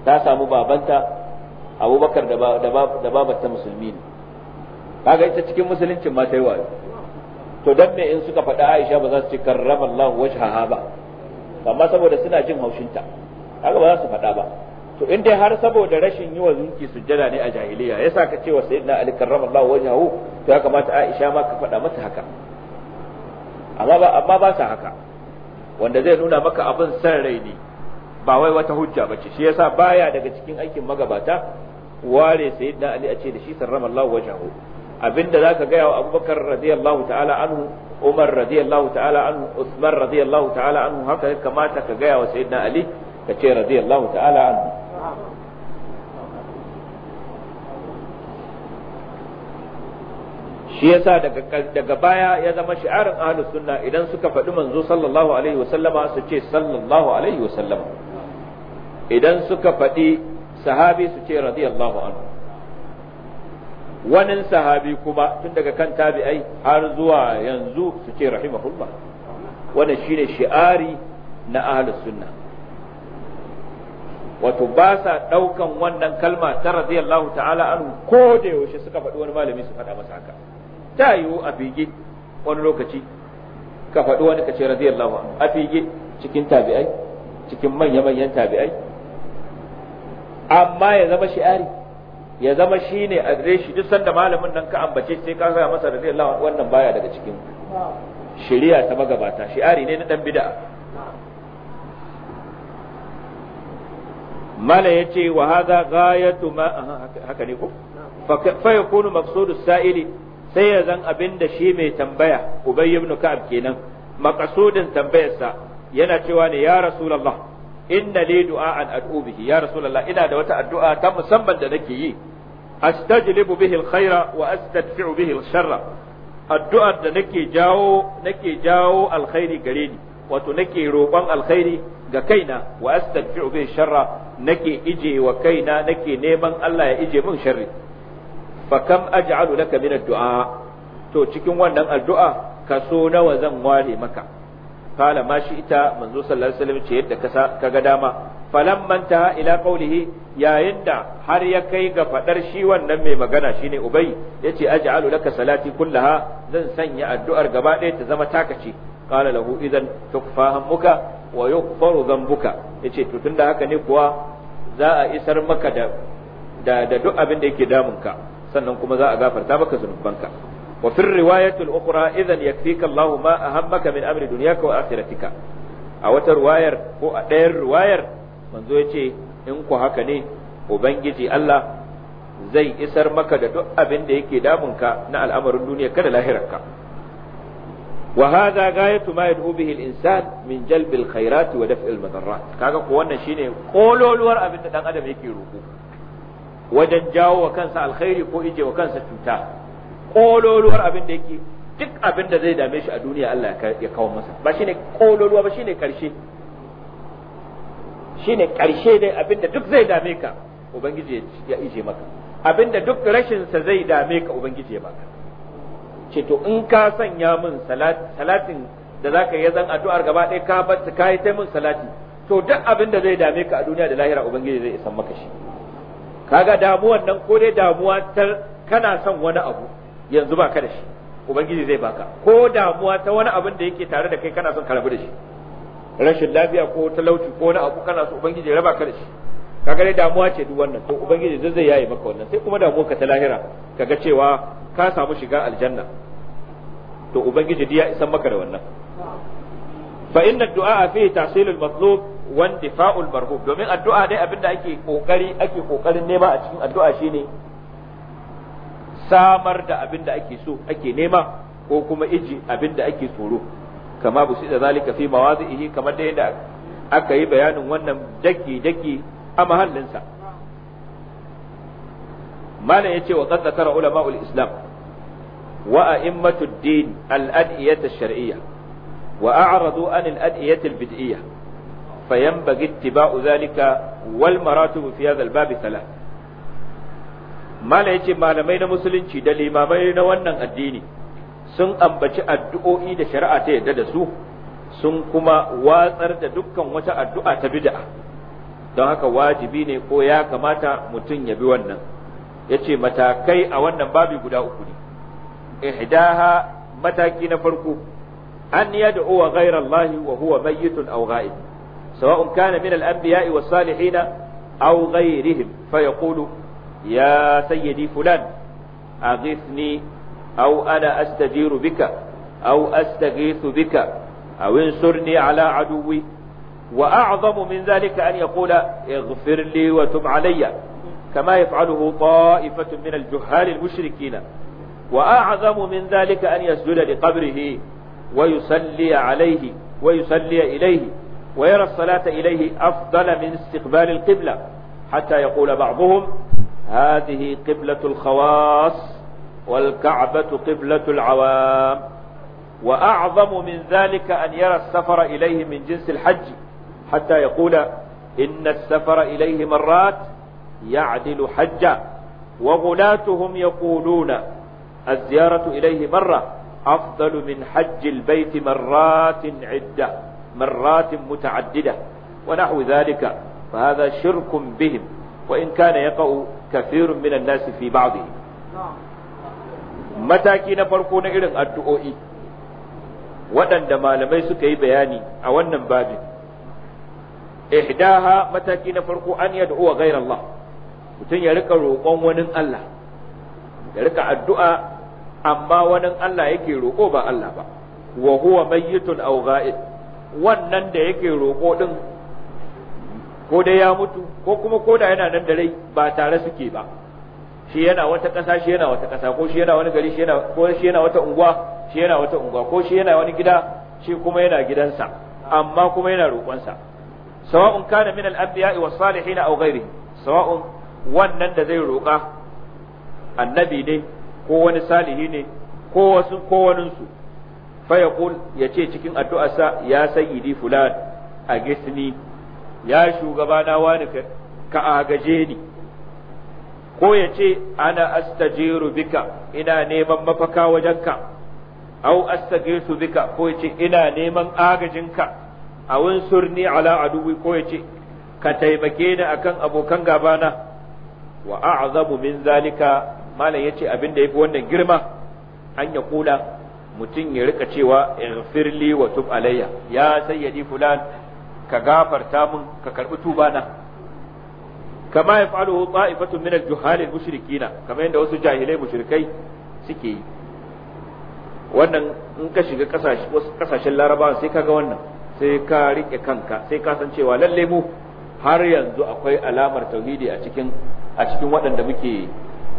ta samu babanta Abubakar da da babanta musulmi ne kaga ita cikin musuluncin ma ta yi wayo to dan me in suka faɗi Aisha ba za su ce wajha wajhaha ba amma saboda suna jin haushinta haka ba za su faɗa ba to in dai har saboda rashin yi wa zunki sujjada ne a jahiliya yasa ka ce wa sayyidina ali karramallahu wajhahu to ya kamata aisha ma ka faɗa mata haka amma ba amma ba sa haka wanda zai nuna maka abin san rai ne ba wai wata hujja bace shi yasa baya daga cikin aikin magabata ware sayyidina ali a ce da shi sarramallahu wajhahu abinda ka gaya wa abubakar radiyallahu ta'ala anhu umar radiyallahu ta'ala anhu usman radiyallahu ta'ala anhu haka ya kamata ka gaya wa sayyidina ali ka ce radiyallahu ta'ala anhu shi yasa daga daga baya ya zama shi'arin ahlus sunna idan suka faɗi manzo sallallahu alaihi wa sallama su ce sallallahu alaihi wa wasallama idan suka faɗi sahabi su ce radiyallahu anhu wani sahabi kuma tun daga kan tabi'ai har zuwa yanzu su ce rahimahullah wannan shine shi'ari na ahlus sunna wato ba sa daukan wannan kalma ta radiyallahu ta'ala an ko da yaushe suka faɗi wani malami su faɗa masa haka ta yiwu a fige wani lokaci ka faɗi wani ka ce radiyallahu anhu a fige cikin tabi'ai cikin manya-manyan tabi'ai amma ya zama shi'ari ya zama shine shi duk sanda malamin nan ka ambace sai ka ga masa Allah wannan baya daga cikin shari'a ta magabata shi'ari ne na dan bid'a mala yace wa hadha ghayatu ma haka ne ko fa yakunu maqsudu sa'ili sai ya zan abinda shi mai tambaya ubay ibn ka'ab kenan maqsudin tambayarsa yana cewa ne ya rasulullah inna li du'aan ad'u bihi ya rasulullah ina da wata addu'a ta musamman da nake yi astajlibu bihi alkhaira wa astadfi'u bihi alsharra addu'ar da nake jawo nake jawo alkhairi gare ni wato nake roƙon alkhairi ga kaina wa astadfi'u bihi sharra nake ije wa kaina nake neman Allah ya ije min sharri fa kam aj'alu laka min addu'a to cikin wannan addu'a kaso nawa zan ware maka kala ma shi ita manzo sallallahu alaihi wasallam ce yadda ka ga dama falamman manta ila qawlihi yayin da har ya kai ga fadar shi wannan mai magana shine ubay yace aj'alu laka salati kullaha zan sanya addu'ar gaba ɗaya ta zama taka ce qala lahu idan tukfa wa yughfaru dhanbuka yace to tunda haka ne kuwa za a isar maka da da duk abin da yake damunka sannan kuma za a gafarta maka zunubanka wa fi riwayatul ukhra idan yakfika kallahu ma ahammaka min amri dunyaka wa akhiratika a wata riwayar ko a ɗayan riwayar manzo yace in ku haka ne ubangiji Allah zai isar maka da duk abin da yake damunka na al'amarin duniya kada lahirarka wa hadha gayatu ma yad'u bihi al-insan min jalb al-khairat wa daf' al-madarrat kaga ko shine kololuwar abinda ɗan dan adam yake roko wajen jawo wa kansa alkhairi ko ije wa kansa cuta kololuwar abin da yake duk abin da zai dame shi a duniya Allah ya kawo masa ba shine kololuwa ba shine karshe shine karshe dai abin da duk zai dame ka ubangiji ya ije maka abin da duk rashin sa zai dame ka ubangiji ya baka ce to in ka sanya min salatin da zaka yi zan addu'ar gaba ɗaya ka bar ka yi ta min salati to duk abin da zai dame ka a duniya da lahira ubangiji zai isan maka shi kaga damuwan nan ko dai damuwa ta kana son wani abu yanzu ba ka da shi ubangiji zai baka ko damuwa ta wani abin da yake tare da kai kana son ka rabu da shi rashin lafiya ko talauci ko wani abu kana so ubangiji ya raba ka da shi kaga dai damuwa ce duk wannan to ubangiji zai zai yayi maka wannan sai kuma damuwa ka ta lahira kaga cewa ka samu shiga aljanna to ubangiji diya isan maka da wannan fa inna du'a fi tahsilul matlub wa indifa'ul marhub domin addu'a dai abinda ake kokari ake kokarin nema a cikin addu'a shine samar da abin da ake so ake nema ko kuma iji abin da ake tsoro kama bu da zalika fi mawazihi kamar da yadda aka yi bayanin wannan daki daki a mahallinsa malam yace wa qad zakara ulama ul islam wa a'immatu ad-din al-ad'iyat ash-shar'iyyah wa a'radu an al-ad'iyat al-bid'iyyah فينبغي wal ذلك والمراتب في هذا الباب mala yace malamai na musulunci da limamai na wannan addini sun ambaci addu'o'i da shari'a ta yadda da su sun kuma watsar da dukkan wata addu'a ta bid'a don haka wajibi ne ko ya kamata mutum ya bi wannan yace matakai a wannan babu guda uku ne ihdaha mataki na farko an uwa ghayra Allah wa huwa mayyitun aw ghaib sawa'un kana min al-anbiya'i was-salihin aw ghairihim fa yaqulu يا سيدي فلان أغثني أو أنا أستجير بك أو أستغيث بك أو انصرني على عدوي وأعظم من ذلك أن يقول اغفر لي وتب علي كما يفعله طائفة من الجهال المشركين وأعظم من ذلك أن يسجد لقبره ويصلي عليه ويصلي إليه ويرى الصلاة إليه أفضل من استقبال القبلة حتى يقول بعضهم هذه قبلة الخواص والكعبة قبلة العوام وأعظم من ذلك أن يرى السفر إليه من جنس الحج حتى يقول إن السفر إليه مرات يعدل حجا وغلاتهم يقولون الزيارة إليه مرة أفضل من حج البيت مرات عدة مرات متعددة ونحو ذلك فهذا شرك بهم وإن كان يقع kathirun minan Nasifi fi mataki na farko na irin addu'o'i waɗanda malamai suka yi bayani a wannan babin ihdaha mataki na farko an yad'u Allah mutum ya rika roƙon wani Allah ya rika addu'a amma wani Allah yake roƙo ba Allah ba wa huwa mayyitun aw wannan da yake roƙo ɗin. ko dai ya mutu ko kuma ko da yana nan da rai ba tare suke ba shi yana wata ƙasa shi yana wata ƙasa ko shi yana wani gari shi yana ko shi yana wata unguwa shi yana wata unguwa ko shi yana wani gida shi kuma yana gidansa amma kuma yana roƙonsa sawa'un kana min al-anbiya'i was-salihin aw ghairi sawa'un wannan da zai roƙa annabi ne ko wani salihi ne ko wasu ko su fa yaqul yace cikin addu'arsa ya sayyidi fulan agisni ya shugaba na wani ka agaje ni ko ya ce ana astajiru bika ina neman mafaka wajenka au astajiru bika ko ya ce ina neman agajinka a surni ala aduwi ko ya ce ka taimake ni akan abokan gabana wa a'zamu min zalika malam yace abin da yafi wannan girma an ya kula mutum ya rika cewa ighfirli wa tub alayya ya sayyidi fulan ka gafarta mun ka karbi tuba na kama ya fa'alu ta'ifatun min al-juhal mushrikina kamar yadda wasu jahilai mushrikai suke yi wannan in ka shiga kasashe kasashen larabawa sai ka ga wannan sai ka rike kanka sai ka san cewa lalle mu har yanzu akwai alamar tauhidi a cikin a cikin waɗanda muke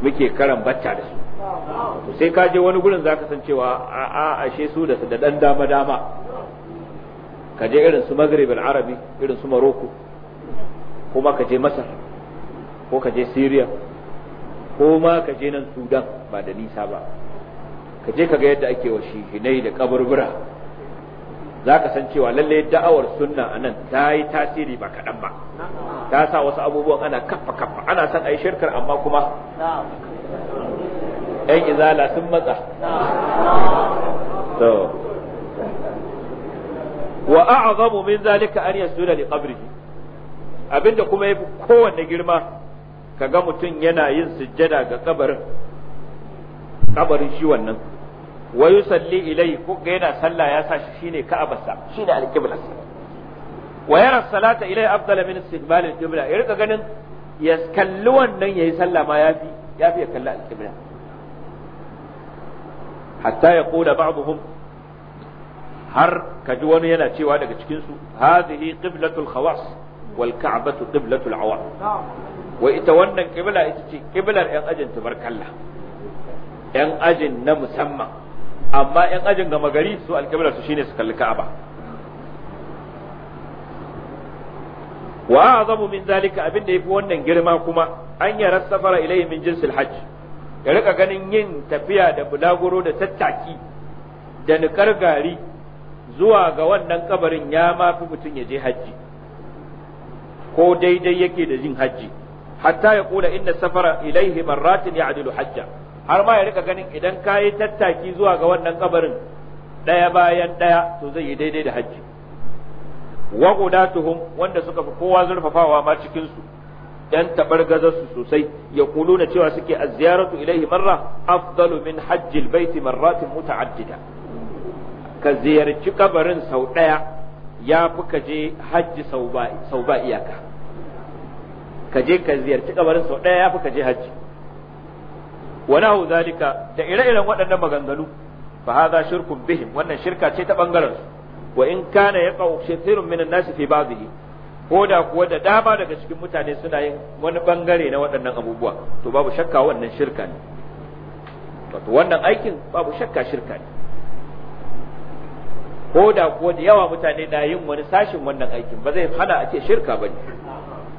muke karan bacca da su sai ka je wani gurin zaka san cewa a a ashe su da da dan dama dama ka je irin su magribin arabi irin su maroko ma ka je masar ko ka je syria ko ma ka je nan sudan ba da nisa ba ka je ka ga yadda ake washi hinai da kaburbura za ka san cewa lalle da'awar sunna a nan ta yi tasiri ba kaɗan ba ta sa wasu abubuwan ana kafa kafa ana son a yi shirkar amma kuma ‘yan izala sun matsa wa a'zamu min zalika an yasjuda li qabrihi abinda kuma yafi kowanne girma kaga mutum yana yin sujjada ga kabarin kabarin shi wannan wa yusalli ilayhi ko ga yana sallah ya sa shi shine ka'abarsa shine alqiblarsa wa yara salata ilai afdala min istiqbal alqibla ya rika ganin ya kalli wannan yayi sallah ma yafi yafi ya kalli alqibla hatta ya yaqula ba'dhum har kaji wani yana cewa daga cikin su hadhihi qiblatul khawas wal ka'batu qiblatul awam wa ita wannan qibla ita ce qiblar yan ajin tabarkalla yan ajin na musamman amma yan ajin gama gari su alqiblar su shine su kalli ka'aba wa azabu min zalika abin da yafi wannan girma kuma an yara safara ilayhi min jinsil hajj ya rika ganin yin tafiya da bulaguro da tattaki da nikar gari zuwa ga wannan kabarin ya mafi mutum ya je hajji ko daidai yake da jin hajji hatta ya kula inda safara ilaihi marratin ya adilu hajja har ma ya rika ganin idan ka yi tattaki zuwa ga wannan kabarin ɗaya bayan ɗaya to zai yi daidai da hajji wa tuhum wanda suka fi kowa zurfafawa ma cikin su dan tabar su sosai ya kuluna cewa suke a ziyaratu ilaihi marra afdalu min hajjil baiti marratin muta'addida ka ziyarci kabarin sau ɗaya ya fi ka je hajji sau ba iyaka ka je ka ziyarci kabarin sau ɗaya ya fi ka je hajji wani hau zalika da ire-iren waɗannan maganganu fa haza shirkun bihim wannan shirka ce ta ɓangaren wa in kana yaqau shaytirun minan nasu fi ba'dihi ko da kuwa da dama daga cikin mutane suna yin wani ɓangare na waɗannan abubuwa to babu shakka wannan shirka ne wannan aikin babu shakka shirka ne ko da ko da yawa mutane na yin wani sashin wannan aikin ba zai hana a ce shirka ba ne.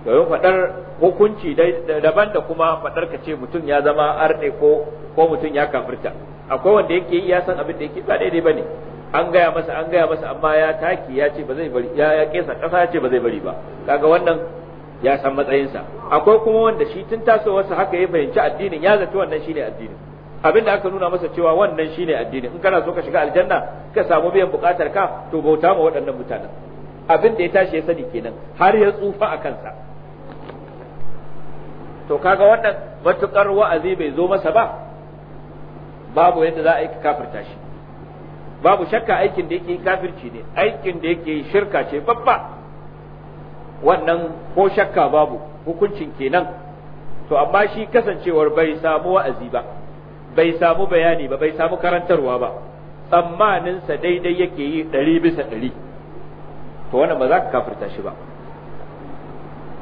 domin faɗar hukunci daban da kuma faɗar ka ce mutum ya zama arne ko ko mutum ya kafirta akwai wanda yake yi ya san abin da yake ba daidai bane an gaya masa an gaya masa amma ya taki ya ce ba zai bari ya ya kesa kasa ya ce ba zai bari ba kaga wannan ya san matsayinsa akwai kuma wanda shi tun tasowarsa haka ya fahimci addinin ya zata wannan shine addinin Abinda aka nuna masa cewa wannan shine addini in kana so ka shiga aljanna ka samu biyan bukatar ka to bauta ma waɗannan mutanen abinda ya tashi ya sani kenan har ya tsufa a kansa to kaga wannan matukar wa'azi bai zo masa ba babu yadda za a yi kafirta shi babu shakka aikin da yake kafirci ne aikin da yake shirka ce babba wannan ko shakka babu hukuncin kenan to amma shi kasancewar bai samu wa'azi ba bai samu bayani ba bai samu karantarwa ba tsammaninsa daidai yake yi ɗari bisa ɗari to wannan ba za ka kafirta shi ba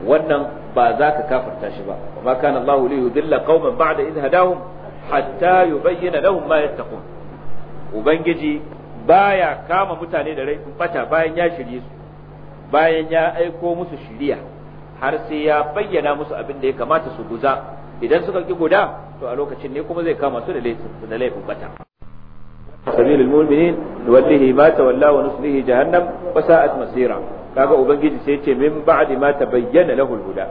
wannan ba za ka kafirta shi ba wa ma kana Allahu li yudilla qauman ba'da idh hadahum hatta yubayyana lahum ma yattaqun ubangiji baya kama mutane da laifin bata bayan ya shirye su bayan ya aiko musu shiriya har sai ya bayyana musu abin da ya kamata su guza idan suka ki guda to a lokacin ne kuma zai kama su da laifin da laifin bata sabilul mu'minin wallahi ma tawalla wa nuslihi jahannam wa sa'at masira kaga ubangiji sai ce min ba'di ma tabayyana lahu huda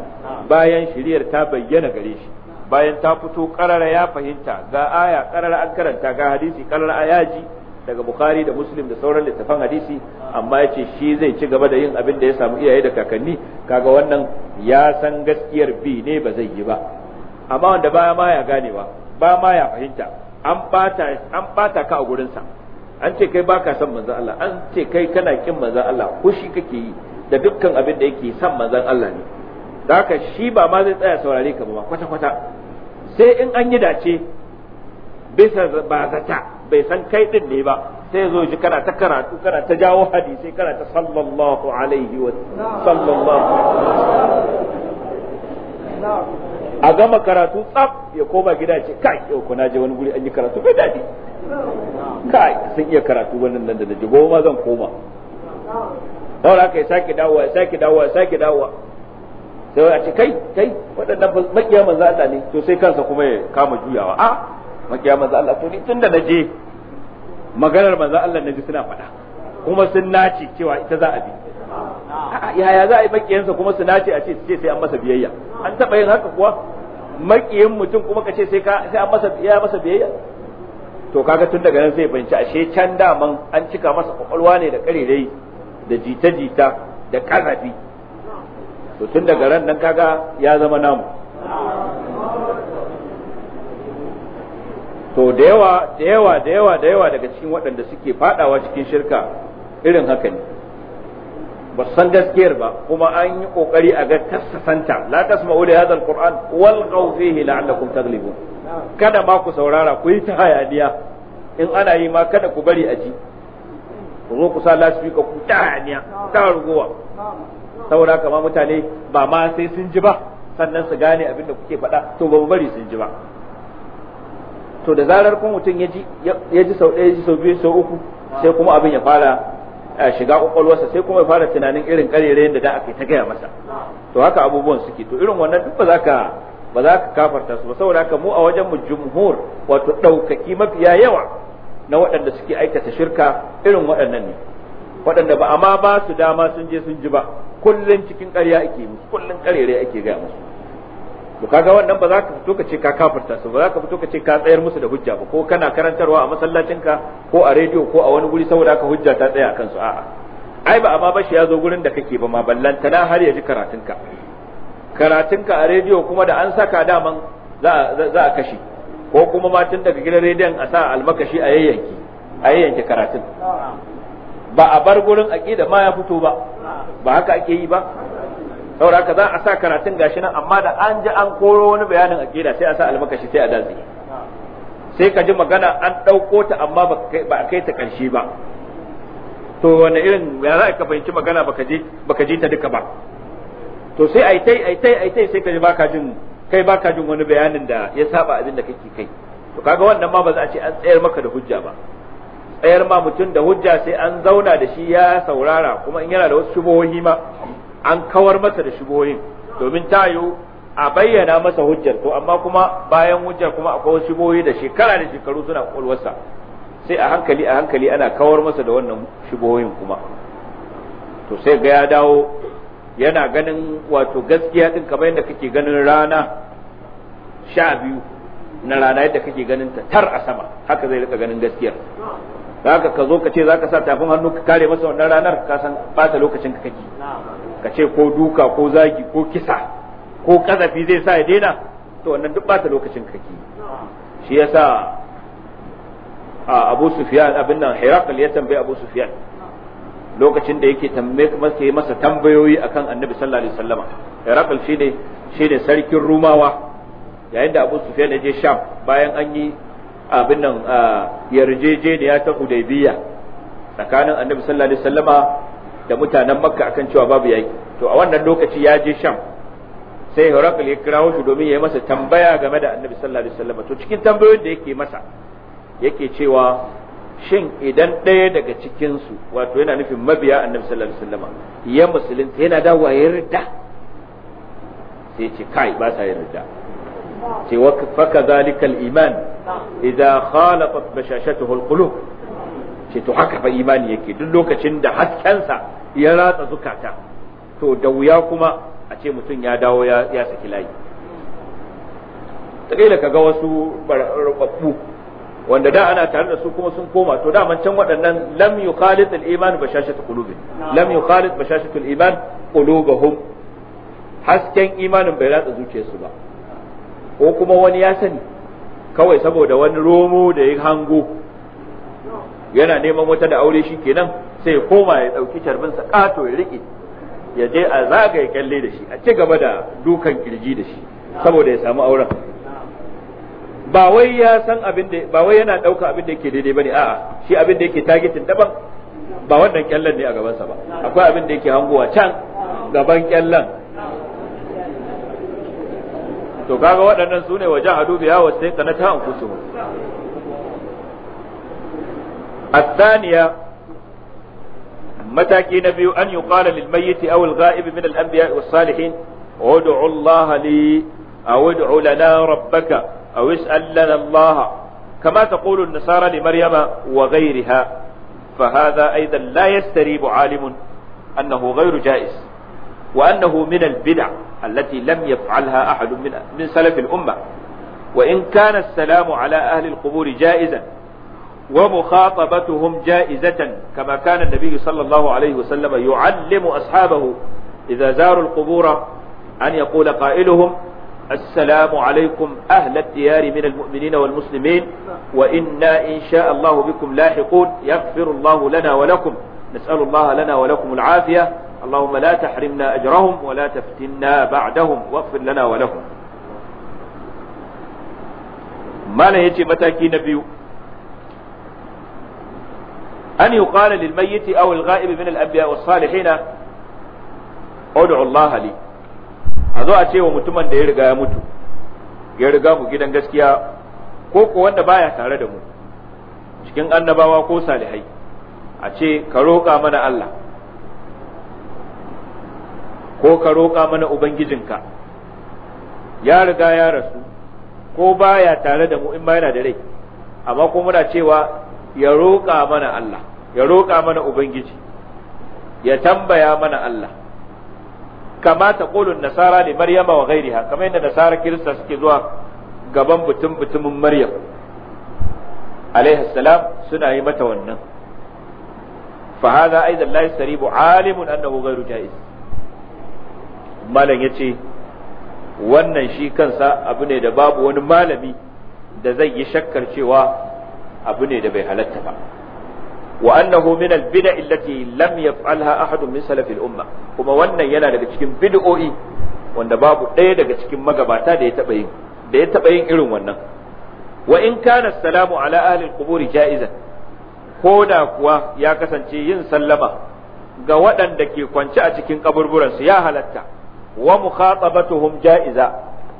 bayan shiriyar ta bayyana gare shi bayan ta fito karara ya fahimta ga aya karara an karanta ga hadisi karara ayaji daga bukhari da muslim da sauran littafan hadisi amma ya ce shi zai ci gaba da yin abin da ya samu iyaye da kakanni kaga wannan ya san gaskiyar bi ne ba zai yi ba amma wanda baya ma ya gane ba ma ya fahimta an bata an bata ka a gurinsa an ce kai baka son manzon Allah an ce kai kana kin manzon Allah kushi kake yi da dukkan abin da yake son manzon Allah ne da haka shi ba ma zai tsaya saurare ka ba kwata kwata sai in an yi dace bisa ba zata bai san kai din ne ba sai zo ji kana ta karatu kana ta jawo hadisi kana ta sallallahu alaihi wa sallallahu alaihi wa a gama karatu tsaf ya koma gida ce kai yau ko naje wani guri an yi karatu bai daɗi kai sun iya karatu wannan nan da naje gobe ma zan koma saboda haka ya sake dawowa ya sake dawowa sake dawowa sai a ce kai kai wadannan makiya manzo Allah ne to sai kansa kuma ya kama juyawa a ah, makiya manzo Allah to ni tunda naje maganar manzo Allah naji suna faɗa kuma sun nace cewa ita za a bi yaya za a yi makiyansa kuma su nace a ce sai an masa biyayya an taba yin haka kuwa makiyin mutum kuma ka ce sai ka sai an masa ya masa biyayya to kaga tun daga nan sai bance ashe can daman an cika masa kwakwalwa ne da karerai da jita-jita da kazafi to tun daga ran nan kaga ya zama namu to da yawa da yawa da yawa da yawa daga cikin waɗanda suke fadawa cikin shirka irin haka ne ba san gaskiyar ba kuma an yi kokari a ga kasasanta la tasma'u li hadha alquran wal fihi la'allakum taglibun kada ma ku saurara ku yi ta hayaniya in ana yi ma kada ku bari a ji ku zo ku sa lasfika ku ta hayaniya ta rugowa saboda kama mutane ba ma sai sun ji ba sannan su gane abin da kuke faɗa to ba mu bari sun ji ba to da zarar kun mutum ya ji sau ɗaya ya ji sau biyu sau uku sai kuma abin ya fara shiga kwakwalwarsa sai kuma fara tunanin irin karere da da aka ta gaya masa to haka abubuwan suke to irin wannan duk ba za ka ba za ka kafarta su ba saboda haka mu a wajen mu jumhur wato ɗaukaki mafiya yawa na waɗanda suke aikata shirka irin waɗannan ne waɗanda ba amma ba su dama sun je sun ji ba kullun cikin ƙarya ake musu kullun ƙarere ake gaya musu to kaga wannan ba za ka fito ka ce ka kafirta su ba za ka fito ka ce ka tsayar musu da hujja ba ko kana karantarwa a masallacinka ko a rediyo ko a wani guri saboda ka hujja ta tsaya kansu. a'a ai ba amma bashi ya zo gurin da kake ba ma ballanta na har ya ji karatunka karatunka a rediyo kuma da an saka daman za a kashe ko kuma ma tun daga gidan rediyon a sa almakashi a yayyanki a yayyanki karatun ba a bar gurin akida ma ya fito ba ba haka ake yi ba saboda haka za a sa karatun gashi nan amma da an ji an koro wani bayanin aqida sai a sa almakashi sai a dazi sai ka ji magana an ɗauko ta amma ba a kai ta ƙarshe ba to wani irin ya za ka fahimci magana baka ji baka je ta duka ba to sai ai tai ai tai ai tai sai ka ji baka jin kai baka jin wani bayanin da ya saba abin da kake kai to kaga wannan ma ba za a ce an tsayar maka da hujja ba tsayar ma mutum da hujja sai an zauna da shi ya saurara kuma in yana da wasu shubohi ma an kawar masa da shigoyin domin ta yiwu a bayyana masa hujjar to amma kuma bayan hujjar kuma akwai wasu shubuhoyi da shekara da shekaru suna kwalwarsa sai a hankali a hankali ana kawar masa da wannan shigoyin kuma to sai ga ya dawo yana ganin wato gaskiya din kamar yadda kake ganin rana sha biyu na rana yadda kake ganin ta tar a sama haka zai rika ganin gaskiyar haka ka zo ka ce zaka sa tafin hannu ka kare masa wannan ranar ka san bata lokacin ka kake ka ce ko duka ko zagi ko kisa ko kazafi zai sa ya daina to wannan duk bata lokacin ka kake shi yasa a Abu Sufyan abin nan Hiraql ya tambaye Abu Sufyan lokacin da yake tambaye masa tambayoyi akan Annabi sallallahu alaihi wasallama Hiraql shine shine sarkin Rumawa yayin da Abu Sufyan ya je Sham bayan an yi abin nan yarjejeniya ta hudaybiya tsakanin annabi sallallahu alaihi wasallama da mutanen makka akan cewa babu yaki to a wannan lokaci ya je sham sai hirakul ya kirawo shi domin ya yi masa tambaya game da annabi sallallahu alaihi wasallama to cikin tambayoyin da yake masa yake cewa shin idan ɗaya daga cikin su wato yana nufin mabiya annabi sallallahu alaihi wasallama ya musulunta yana da wayar yarda sai ce kai ba sa yarda ce faka zalikal iman idza khalatat bashashatuhu alqulub ce to haka fa imani yake duk lokacin da haskensa ya ratsa zukata to da wuya kuma a ce mutum ya dawo ya saki layi ta ka ga wasu rababbu wanda da ana tare da su kuma sun koma to da can waɗannan lam yukhalit al-iman bashashatu qulubi lam yukhalit bashashatu al-iman qulubuhum hasken imanin bai ratsa zuciyarsu ba ko kuma wani ya sani kawai saboda wani romo da ya hango yana neman wata da aure shi kenan sai ya koma ya ɗauki carbinsa ƙato ya riƙe ya je a zagaye kyalle da shi a ci gaba da dukan kirji da shi saboda ya samu auren ba wai ya san abin da ba wai yana ɗauka abin da yake daidai bane a'a shi abin da yake targetin daban ba wannan kyallen ne a gabansa ba akwai abin da yake hangowa can gaban kyallen to kaga waɗannan su ne wajen hadu biya wa sai ka na ta hankusu mataki na biyu an yi ƙwarar lilmayyiti a wulga ibi min al'ambiya wa salihin a wadda Allah li a wadda ulana rabbaka a wish allan Allah nasara li maryama wa gairiha fa hada aidan la yastari bu alimun annahu gairu jaiz. وأنه من البدع التي لم يفعلها أحد من, من سلف الأمة وإن كان السلام على أهل القبور جائزا ومخاطبتهم جائزة كما كان النبي صلى الله عليه وسلم يعلم أصحابه إذا زاروا القبور أن يقول قائلهم السلام عليكم أهل الديار من المؤمنين والمسلمين وإنا إن شاء الله بكم لاحقون يغفر الله لنا ولكم نسأل الله لنا ولكم العافية اللهم لا تحرمنا أجرهم ولا تفتنا بعدهم واغفر لنا ولهم ما لا يتي متاكي نبي أن يقال للميت أو الغائب من الأنبياء والصالحين ادعوا الله لي أذو أتي ومتمن دير قامت يرقام جدا قسكيا كوكو وانا بايا تاردمو cikin annabawa ko salihai a ce ka roƙa mana Allah ko ka roƙa mana ubangijinka ya riga ya rasu ko baya tare da mu in ba yana da rai amma ko muna cewa ya roƙa mana Allah ya roƙa mana ubangiji ya tambaya mana Allah kama ta ƙolin nasara ne maryama wa gairiha kamar yadda nasara kirista suke zuwa gaban butun butumin maryam alaihi salam suna yi mata wannan fa hadha aidan la yasribu alimun annahu ghairu jaiz malam ya ce wannan shi kansa abu ne da babu wani malami da zai yi shakkar cewa abu ne da bai halatta ba wa annahu min al-bid'a allati lam yaf'alha ahadun min salaf umma kuma wannan yana daga cikin bid'o'i wanda babu ɗaya daga cikin magabata da ya taɓa yin da ya taba yin irin wannan wa in kana salamu ala ahli al ja'izan ko da kuwa ya kasance yin sallama ga waɗanda ke kwance a cikin kaburburansu ya halatta wa mukhatabatuhum ja'iza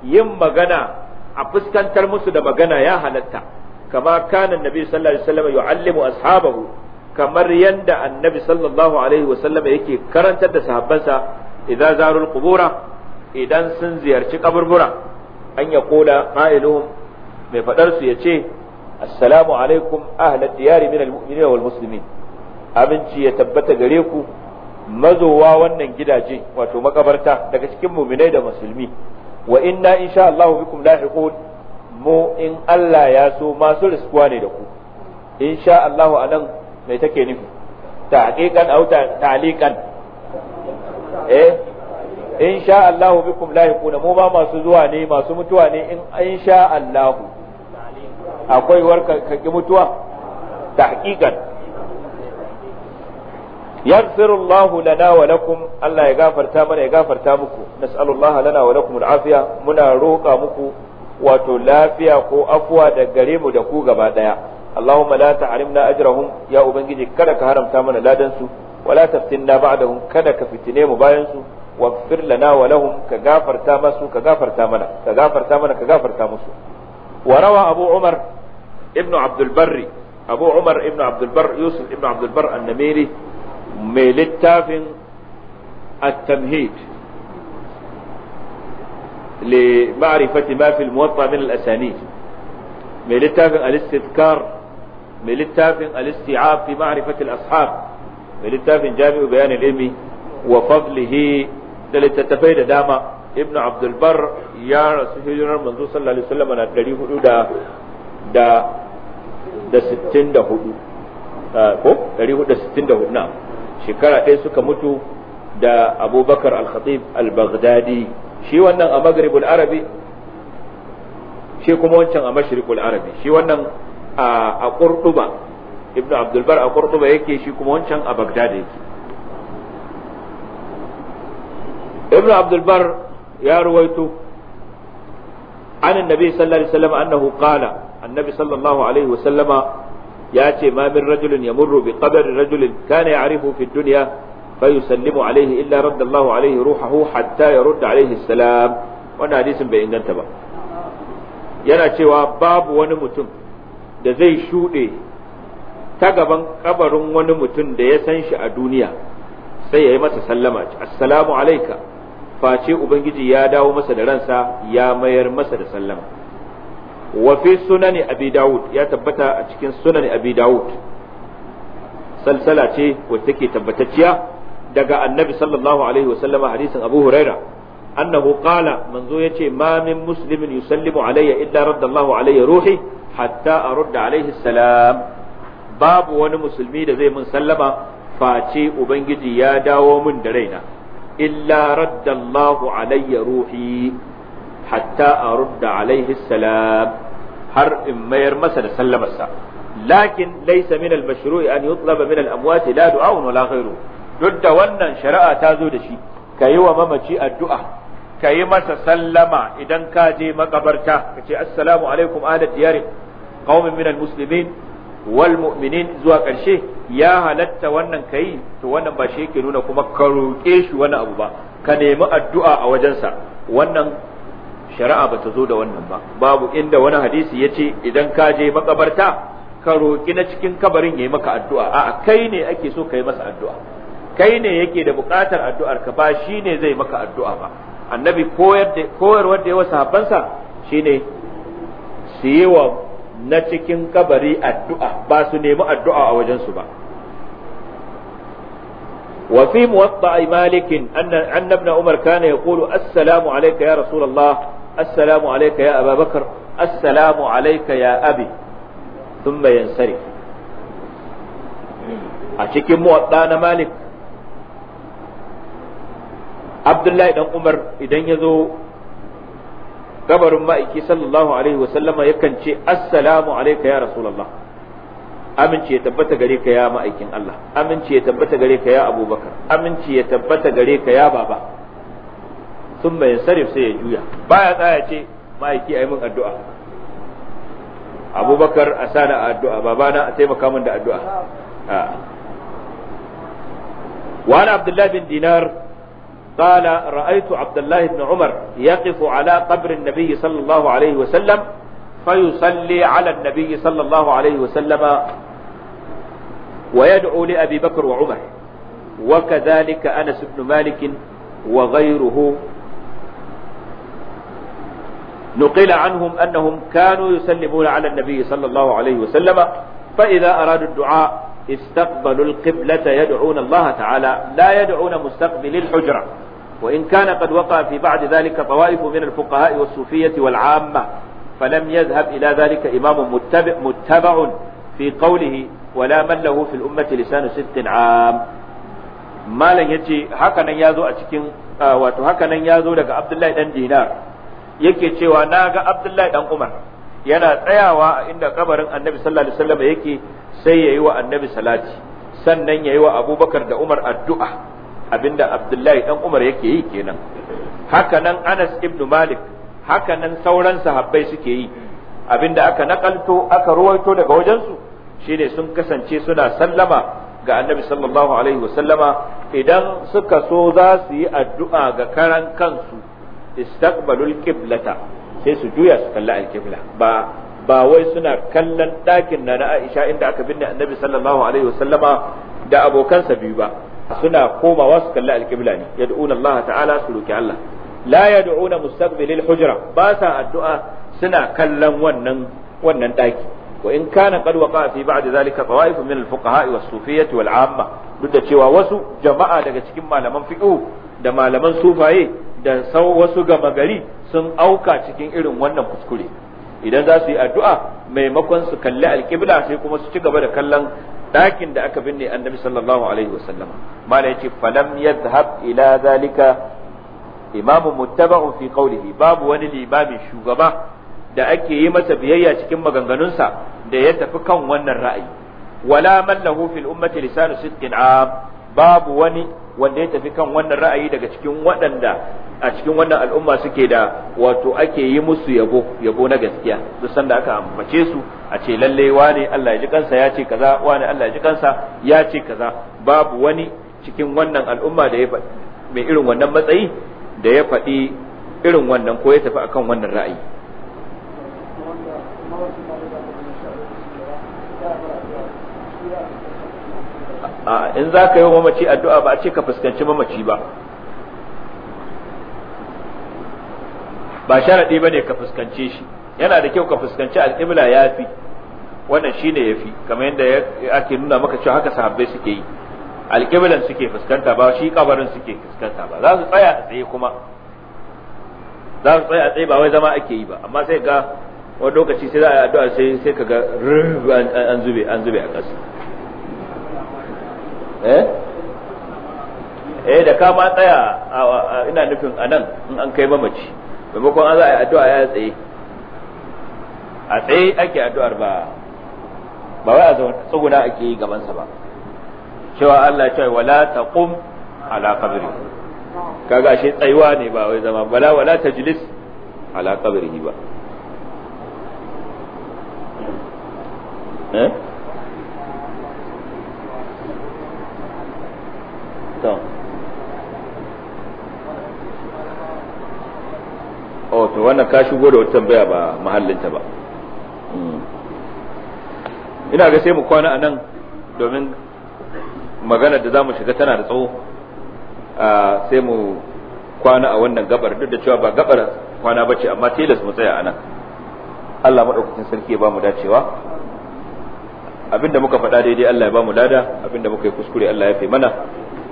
yin magana a fuskantar musu da magana ya halatta kama kana annabi sallallahu alaihi wasallam yu'allimu ashabahu kamar yanda annabi sallallahu alaihi wasallam yake karantar da sahabbansa idza zarul qubura idan sun ziyarci kaburbura an ya kola qa'iluhum mai fadar su yace assalamu alaikum ahlad diyari min almu'minina wal muslimin abinci ya tabbata gare ku mazowa wannan gidaje wato makabarta daga cikin muminai da musulmi wa inna insha Allah bikum lahiqun mu in Allah ya so masu riskuwa ne da ku insha Allah anan mai take nufi ta tahqiqan aw ta'liqan eh insha Allah bikum lahiqun mu ba masu zuwa ne masu mutuwa ne in insha Allah akwai warka ki mutuwa ta tahqiqan yaghfiru Allahu lana Allah ya gafarta mana ya gafarta muku nas'alullaha lana wa lakum al'afiya muna roƙa muku wato lafiya ko afuwa da gare da ku gaba daya Allahumma la ta'rimna ajrahum ya ubangiji kada ka haramta mana ladansu su wala taftinna ba'dahum kada ka fitine mu bayan su waghfir lana wa lahum ka gafarta mana ka gafarta mana ka Abu Umar ibn Abdul Abu Umar ibn Abdul Yusuf ibn Abdul mai littafin at-tamhid li ma'rifati ma fil al-asanid mai littafin al-istidkar mai littafin al-isti'ab fi ma'rifati al-ashab mai littafin jami'u bayan al-ilmi wa fadlihi da littattafai dama ibn Abdulbar ya rasu hijirar manzo sallallahu alaihi wasallam na 400 da da da 64 shekara ɗaya suka mutu da abubakar al-khatib al-baghdadi shi wannan a maghribul arabi shi kuma wancan a mashriqul arabi shi wannan a qurduba ibnu abdul bar a qurduba yake shi kuma wancan a baghdad yake ibnu abdul bar ya ruwaito an annabi sallallahu alaihi wasallam annahu qala annabi sallallahu alaihi wasallama ya ce ma min rajulin yamurru bi qabri rajulin kana ya'rifu fi dunya yusallimu alaihi illa radda alaihi ruhahu hatta yarudda alaihi salam wannan hadisin bai inganta ba yana cewa babu wani mutum da zai shuɗe ta gaban kabarin wani mutum da ya san shi a duniya sai ya yi masa sallama assalamu alaika face ubangiji ya dawo masa da ransa ya mayar masa da sallama wa fi sunani abi dawud ya tabbata a cikin sunani abi dawud salsala ce wacce take tabbatacciya daga annabi sallallahu alaihi wasallama hadisin abu huraira annahu qala manzo yace ma min muslimin yusallimu alayya illa radda Allahu alayya ruhi hatta arudda alaihi salam babu wani musulmi da zai mun sallama face ubangiji ya dawo mun da raina illa radda Allahu alayya ruhi hatta arudda alaihi salam har in mayar masa da sallamarsa lakin laysa min al-mashru'i an yutlaba min al-amwat la du'a'un wala ghayru duk da wannan shari'a ta zo da shi kayi wa mamaci addu'a kayi masa sallama idan ka je makabarta kace assalamu alaikum ala diyari qaumin min al-muslimin wal mu'minin zuwa ƙarshe ya halatta wannan kai to wannan ba shi yake nuna kuma ka roƙe shi wani abu ba ka nemi addu'a a wajensa wannan shari'a ba ta zo da wannan ba babu inda wani hadisi ya ce idan ka je makabarta ka roƙi na cikin kabarin ya yi maka addu'a a'a kai ne ake so ka yi masa addu'a kai ne yake da buƙatar addu'ar ka ba shi ne zai maka addu'a ba annabi koyarwar da yawa sahabbansa shine su yi wa na cikin kabari addu'a ba su nemi addu'a a wajensu ba وفي موطأ مالك أن أن ابن عمر كان يقول السلام عليك يا رسول الله assalamu alayka ya ababakar assalamu alayka ya abi thumma yansari a cikin muwadda na malik abdullahi dan umar idan ya zo gabarin ma'aiki sallallahu alaihi wasallama yakan ce assalamu alayka ya rasulullah aminci ya tabbata gare ka ya ma'aikin Allah aminci ya tabbata gare ka ya abubakar aminci ya tabbata gare ka ya baba sun mai sarif sai ya juya baya tsaya ce ma'aiki a yi min addu'a abubakar a sa na addu'a babana a taimaka min da addu'a وعن عبد الله بن دينار قال رأيت عبد الله بن عمر يقف على قبر النبي صلى الله عليه وسلم فيصلي على النبي صلى الله عليه وسلم ويدعو لأبي بكر وعمر وكذلك أنس بن مالك وغيره نقل عنهم أنهم كانوا يسلمون على النبي صلى الله عليه وسلم فإذا أرادوا الدعاء استقبلوا القبلة يدعون الله تعالى لا يدعون مستقبل الحجرة وإن كان قد وقع في بعد ذلك طوائف من الفقهاء والصوفية والعامة فلم يذهب إلى ذلك إمام متبع, متبع في قوله ولا من له في الأمة لسان ست عام ما لن يجي هكذا يازو أتكين آه وهكذا يازو لك عبد الله بن دينار yake cewa na ga abdullahi dan umar yana tsayawa a inda kabarin annabi sallallahu alaihi wasallam yake sai yayi wa annabi salati sannan yayi wa abubakar da umar addu'a abinda abdullahi dan umar yake yi kenan haka nan anas ibnu malik haka nan sauran sahabbai suke yi abinda aka nakalto aka ruwaito daga wajensu shine sun kasance suna sallama ga annabi sallallahu alaihi wasallama idan suka so za su yi addu'a ga karan kansu istaqbalul qiblata sai su juya su kalli alkibla ba ba wai suna kallon ɗakin na Aisha inda aka binne Annabi sallallahu alaihi wasallama da abokansa biyu ba suna komawa su kalli alkibla ne yad'una Allah ta'ala su roki Allah la yad'una mustaqbilil hujra ba sa addu'a suna kallon wannan wannan ɗaki wa in kana qad waqa fi ba'd zalika tawaif min al-fuqaha wa sufiyyah wal 'amma duk da cewa wasu jama'a daga cikin malaman fiqh da malaman sufaye dan sau wasu gama gari sun auka cikin irin wannan kuskure idan za su yi addu'a maimakon su kalli alƙibla sai kuma su ci gaba da kallon ɗakin da aka binne annabi sallallahu alaihi wasallama mala yace falam yadhhab ila zalika imamu muttaba'un fi qawlihi babu wani limamin shugaba da ake yi masa biyayya cikin maganganunsa da ya tafi kan wannan ra'ayi wala man lahu fil ummati lisanu sidqin am babu wani wanda ya tafi kan wannan ra'ayi daga cikin waɗanda a cikin wannan al'umma suke da wato ake yi musu yabo yabo na gaskiya duk sanda aka ambace su a ce lalle wane Allah ya ji kansa ya ce kaza wane Allah ya ji kansa ya ce kaza babu wani cikin wannan al'umma da ya mai irin wannan matsayi da ya faɗi irin wannan ko ya tafi akan wannan ra'ayi in za ka yi wa mamaci addu'a ba a ce ka fuskanci mamaci ba ba sharadi bane ka fuskance shi yana da kyau ka fuskanci ya yafi wannan shine yafi kamar yadda ake nuna maka cewa haka sahabbai suke yi alqiblan suke fuskanta ba shi kabarin suke fuskanta ba za su tsaya a tsaye kuma za su tsaya a tsaye ba wai zama ake yi ba amma sai ga wani lokaci sai za a yi addu'a sai sai ka ga an zube an zube a ƙasa eh eh da kama tsaya ina nufin anan in an kai mamaci maimakon an za a yi addu'a ya tsaye a tsaye ake addu'ar ba ba wai a tsuguna ake yi gabansa ba cewa Allah ce wala taqum ala qabri kaga shi tsayuwa ne ba wai zama bala wala tajlis ala qabrihi ba eh to oh to wannan ka shigo da wata tambaya ba mahallinta ba hmm. ina ga sai mu kwana anan domin magana da za mu shiga tana da tsawo ah, sai mu kwana a wannan gabar duk da cewa ba gabar kwana bace amma tilas mu tsaya anan Allah madaukakin sarki ya ba mu dacewa abinda muka faɗa daidai Allah ya ba mu lada abinda muka yi kuskure Allah ya fi mana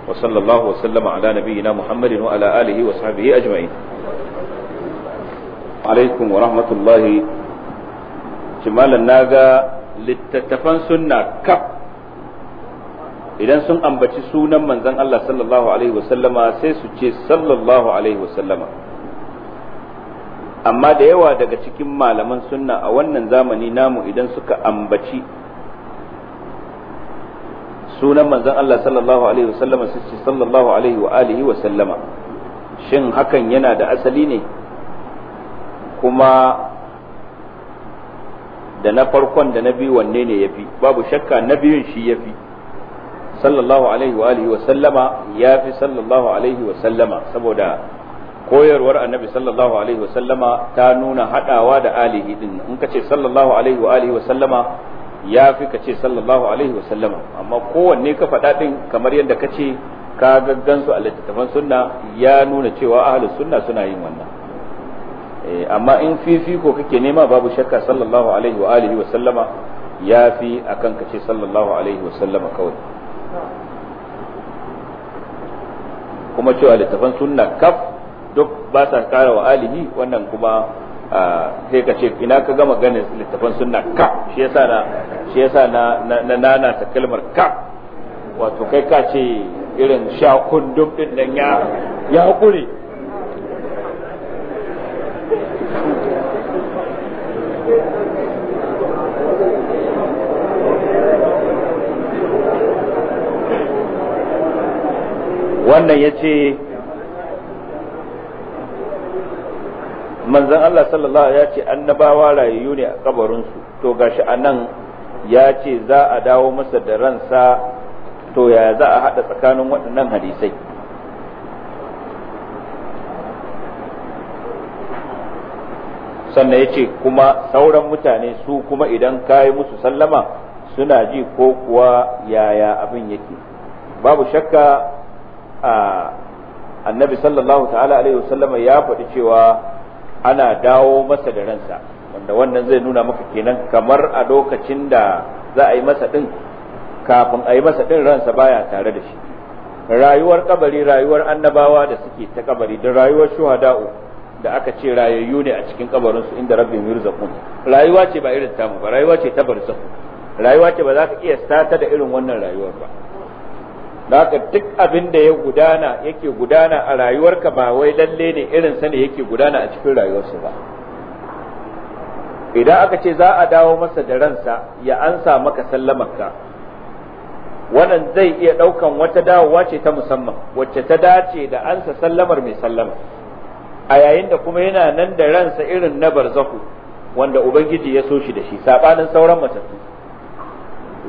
wa sallallahu wa sallama ala nabiyyina Muhammadin wa ala alihi wa sahbihi ajma'in alaikum wa rahmatullahi na ga littattafan sunna kaf idan sun ambaci sunan manzan Allah sallallahu alaihi wasallama sai su ce sallallahu alaihi wasallama amma da yawa daga cikin malaman sunna a wannan zamani namu idan suka ambaci sunan manzan Allah sallallahu alaihi wasallama sai su ce sallallahu alaihi wa alihi wasallama shin hakan yana da asali ne kuma da na farkon da na biyu wanne ne ya fi babu shakka na biyun shi ya fi sallallahu alaihi wa alihi wa sallama ya fi sallallahu alaihi wa sallama saboda koyarwar annabi sallallahu alaihi wa sallama ta nuna hadawa da alihi din in ka ce sallallahu alaihi wa alihi wa sallama ya fi ka ce sallallahu alaihi wa sallama amma kowanne ka faɗa din kamar yadda ka ce ka gaggansu a littattafan sunna ya nuna cewa ahlus sunna suna yin wannan Eh, amma in fifiko kake nema babu shakka sallallahu alaihi wa alihi wa sallama ya fi akan ka ce sallallahu alaihi wa sallama kawai kuma cewa littafan sunna kaf duk ba sa kara wa alihi wannan kuma sai ka ce ina ka gama ganin littafan sunna ka shi yasa na shi yasa na na nana ta kalmar ka. wato kai ka ce irin sha kundum din nan ya ya hakuri wannan ya ce manzan Allah sallallahu ya ce annabawa rayayyu ne a kabarinsu to gashi a nan ya ce za a dawo masa da ransa to ya za a haɗa tsakanin waɗannan hadisai sannan yace kuma sauran mutane su kuma idan kayi musu sallama suna ji ko kuwa yaya abin yake babu shakka a annabi sallallahu ta'ala alaihi wasallama ya faɗi cewa ana dawo masa da ransa wanda wannan zai nuna maka kenan kamar a lokacin da za a yi masa ɗin kafin a yi masa ɗin ransa baya tare da shi rayuwar kabari rayuwar annabawa da suke ta kabari da rayuwar shuhada'u da aka ce rayayyu ne a cikin kabarin su inda rabbi yurzaqun rayuwa ce ba irin tamu ba rayuwa ce ta barzahu rayuwa ce ba za ka iya sata da irin wannan rayuwar ba haka duk abin da ya gudana yake gudana a rayuwarka ba wai lalle ne irin sa ne yake gudana a cikin rayuwarsu ba idan aka ce za a dawo masa da ransa ya ansa maka sallamarka wannan zai iya ɗaukan wata dawowa ce ta musamman wacce ta dace da ansa sallamar mai sallama a yayin da kuma yana nan da ransa irin na barzahu wanda ubangiji ya so shi da shi sabanin sauran matattu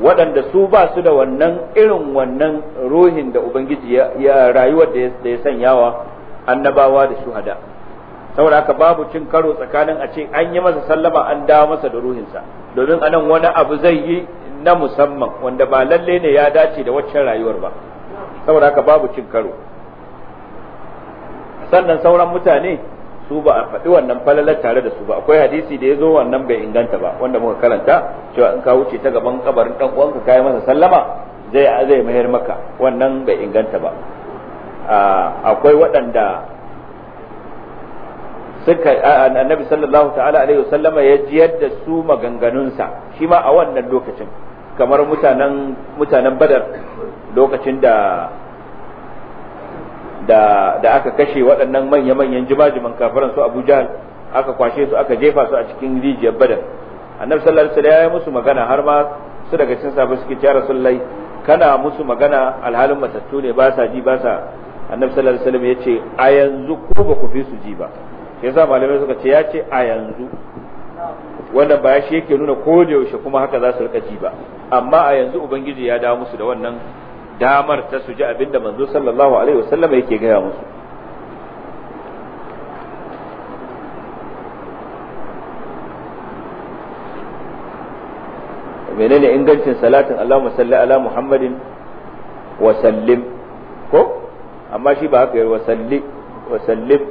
waɗanda su ba su da wannan irin wannan ruhin da ubangiji ya rayuwar da ya sanyawa annabawa da shuhada saboda haka babu cin karo tsakanin a ce an yi masa sallama an dawo masa da ruhinsa domin anan wani abu zai yi na musamman wanda ba lalle ne ya dace da waccan rayuwar ba saboda haka babu cin karo sannan sauran mutane su ba a faɗi wannan falalar tare da su ba akwai hadisi da ya zo wannan bai inganta ba wanda muka karanta cewa in ka wuce ta gaban kabarin dan uwanka kai masa sallama zai zai mayar maka wannan bai inganta ba akwai waɗanda suka annabi sallallahu ta'ala alaihi wasallama ya jiyar da su maganganunsa shi ma a wannan lokacin kamar mutanen mutanen badar lokacin da da da aka kashe waɗannan manya-manyan jimajiman kafiran su Abu Jahl aka kwashe su aka jefa su a cikin rijiyar Badar Annabi sallallahu alaihi wasallam ya musu magana har ma su daga cikin sabu suke cewa Rasulullahi kana musu magana alhalin matattu ne ba sa ji ba sa Annabi sallallahu alaihi wasallam ya ce a yanzu ko ba ku fi su ji ba shi yasa malamai suka ce ya ce a yanzu wannan ba shi yake nuna ko da yaushe kuma haka za su rika ji ba amma a yanzu ubangiji ya dawo musu da wannan damar ta su ji abinda manzo sallallahu alaihi wasallam yake gaya musu menene ingancin salatin Allahumma salli ala Muhammadin wa sallim ko amma shi ba haka yi wa salli wa sallim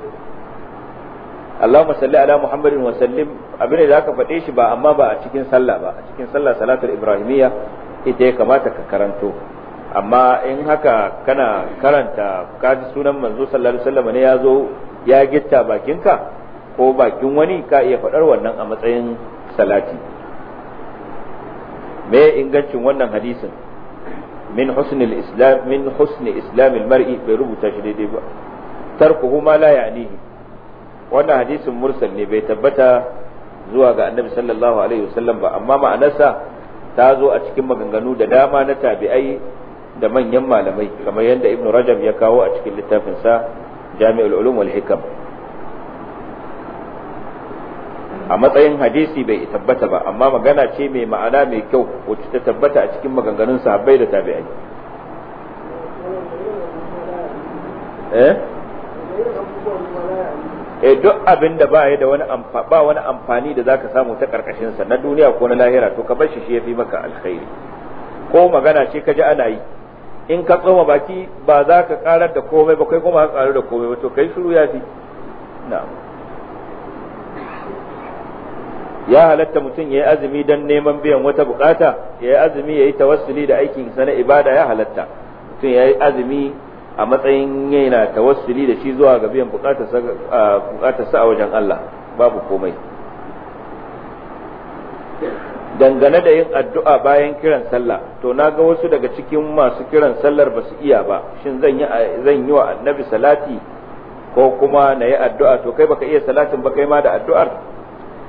Allahumma salli ala Muhammadin wa sallim abin da aka faɗe shi ba amma ba a cikin sallah ba a cikin sallah salatul ibrahimiyya ita ya kamata ka karanto amma in haka kana karanta ka ji sunan manzo sallallahu alaihi wasallam ne ya zo ya gitta bakinka ko bakin wani ka iya faɗar wannan a matsayin salati me ingancin wannan hadisin min husni islam min husni islam almar'i bai rubuta shi daidai ba tarkuhu ma la ya'nihi wannan hadisin mursal ne bai tabbata zuwa ga annabi sallallahu alaihi wasallam ba amma ma'anarsa ta zo a cikin maganganu da dama na tabi'ai da manyan malamai kamar yadda ibn rajab ya kawo a cikin littafinsa jami'ul ulum wal hikam a matsayin hadisi bai tabbata ba amma magana ce mai ma'ana mai kyau wacce ta tabbata a cikin maganganun sahabbai da tabi'ai eh eh duk abin da ba da wani ba wani amfani da zaka samu ta karkashin sa na duniya ko na lahira to ka bar shi shi fi maka alkhairi ko magana ce ka ji ana yi in ka tsoma baki ba za ka karar da komai ba kai kuma ka karar da komai ba to kai shiru ya fi ya halatta mutum ya yi azumi don neman biyan wata bukata ya yi azumi ya yi tawassuli da aikin sa na ibada ya halatta mutum ya yi azumi a matsayin yana tawassuli da shi zuwa ga biyan bukatarsa a wajen Allah babu komai dangane da yin addu'a bayan kiran sallah to na ga wasu daga cikin masu kiran sallar ba su iya ba shin zan yi wa annabi salati ko kuma na yi addu'a to kai baka iya salatin ba kai ma da addu'ar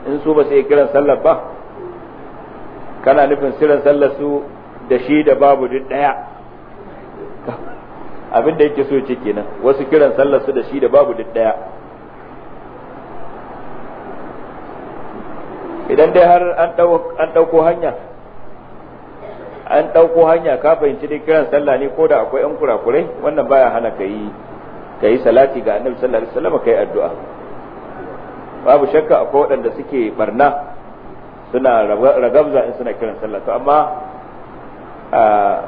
in su ba su iya kiran sallar ba kana nufin siran sallar su da shi da babu duk ɗaya abin da yake so ciki kenan wasu kiran sallar su da shi da babu duk ɗaya idan dai har an ɗauko hanya an ɗauko hanya ka fahimci dai kiran sallah ne ko da akwai yan kurakurai wannan baya hana ka yi salati ga annabi sallallahu alaihi wasallam kai addu'a babu shakka akwai waɗanda suke barna suna ragabza in suna kiran sallah to amma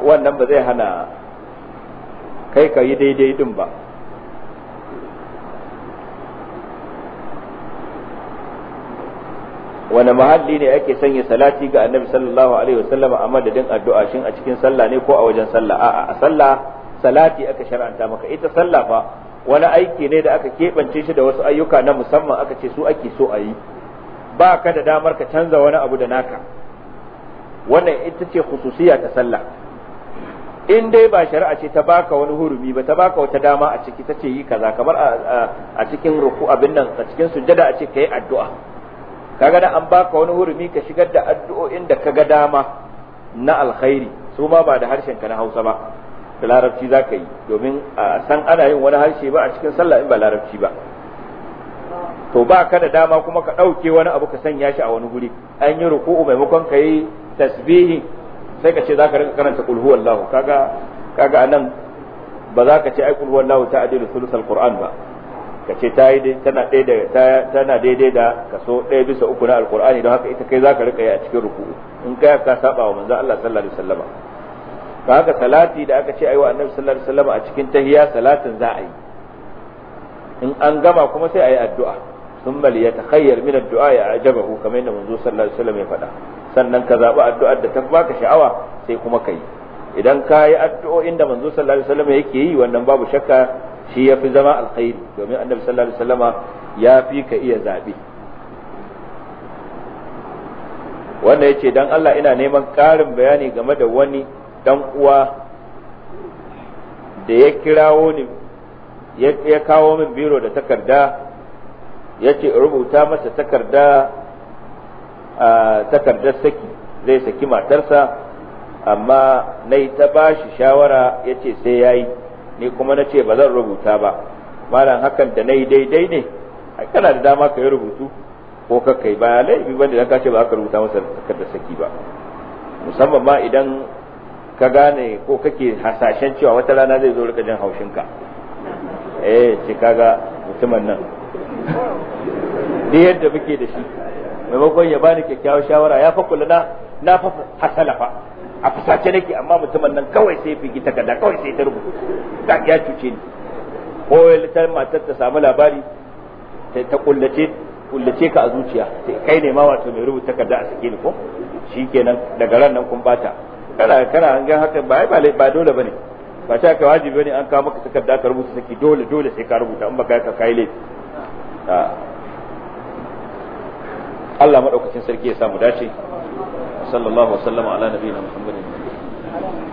wannan ba zai hana kai ka yi daidai din ba wani mahalli ne ake sanya salati ga annabi sallallahu alaihi wasallam a madadin addu'a shin a cikin sallah ne ko a wajen sallah a'a a sallah salati aka shar'anta maka ita sallah fa wani aiki ne da aka keɓance shi da wasu ayyuka na musamman aka ce su ake so a yi ba ka da damar ka canza wani abu da naka wannan ita ce khususiya ta sallah in dai ba shari'a ce ta baka wani hurumi ba ta baka wata dama a ciki ta ce yi kaza kamar a cikin ruku abin nan a cikin sujjada a ce ka yi addu'a kaga da an baka wani hurumi ka shigar da addu'o'in da kaga dama na alkhairi su ma ba da harshen ka na Hausa ba da larabci za ka yi domin a san ana yin wani harshe ba a cikin sallah in ba larabci ba to ba ka da dama kuma ka ɗauke wani abu ka sanya shi a wani guri an yi ruku'u maimakon ka yi tasbihi sai ka ce za ka rinka karanta qul huwallahu kaga kaga anan ba za ka ce ai qul huwallahu ta adilu thuluthal qur'an ba ka ce ta yi tana tana daidai da kaso ɗaya bisa uku na alkur'ani don haka ita kai za ka rika yi a cikin ruku in kai ka saba wa manzan Allah sallallahu alaihi wasallama ka haka salati da aka ce ayi wa annabi sallallahu alaihi wasallama a cikin tahiyya salatin za a yi in an gama kuma sai a yi addu'a ta khayyar min addu'a ya ya ajabahu kamar yadda manzo sallallahu alaihi wasallam ya faɗa sannan ka zaɓi addu'ar da ta baka sha'awa sai kuma ka yi. idan ka yi addu'o'in da manzo sallallahu alaihi wasallam yake yi wannan babu shakka shi yafi zama alkhairi domin annabi sallallahu alaihi wasallama ya fi ka iya zabe wanda yace dan Allah ina neman ƙarin bayani game da wani dan uwa da ya kirawo ni ya kawo min biro da takarda yace rubuta masa takarda a takardar saki zai saki matarsa amma na yi ta ba shi shawara ya ce sai ya yi ni kuma na ce ba zan rubuta ba malam hakan da na yi daidai ne kana da dama ka yi rubutu ko ka kai ba laifi bane da ka ce ba ka rubuta masa da saki ba musamman ma idan ka gane ko kake hasashen cewa wata rana zai zo rika jin haushinka eh ce kaga mutumin nan da yadda muke da shi maimakon ya bani kyakkyawar shawara ya fa kula na na fa hasala fa a fusace nake amma mutumin nan kawai sai gita takarda kawai sai ta rubuta ta ya cuce ni ko ta matar ta samu labari ta kullace kullace ka a zuciya sai kai ne ma wato mai rubuta takarda a sake ni ko shikenan daga ran nan kun bata kana kana ga haka ba ba dole bane ba ta kai wajibi bane an kawo maka takarda ka rubuta saki dole dole sai ka rubuta in baka ka kai laifi ah. Allah madaukakin sarki ya samu dace وصلى الله وسلم على نبينا محمد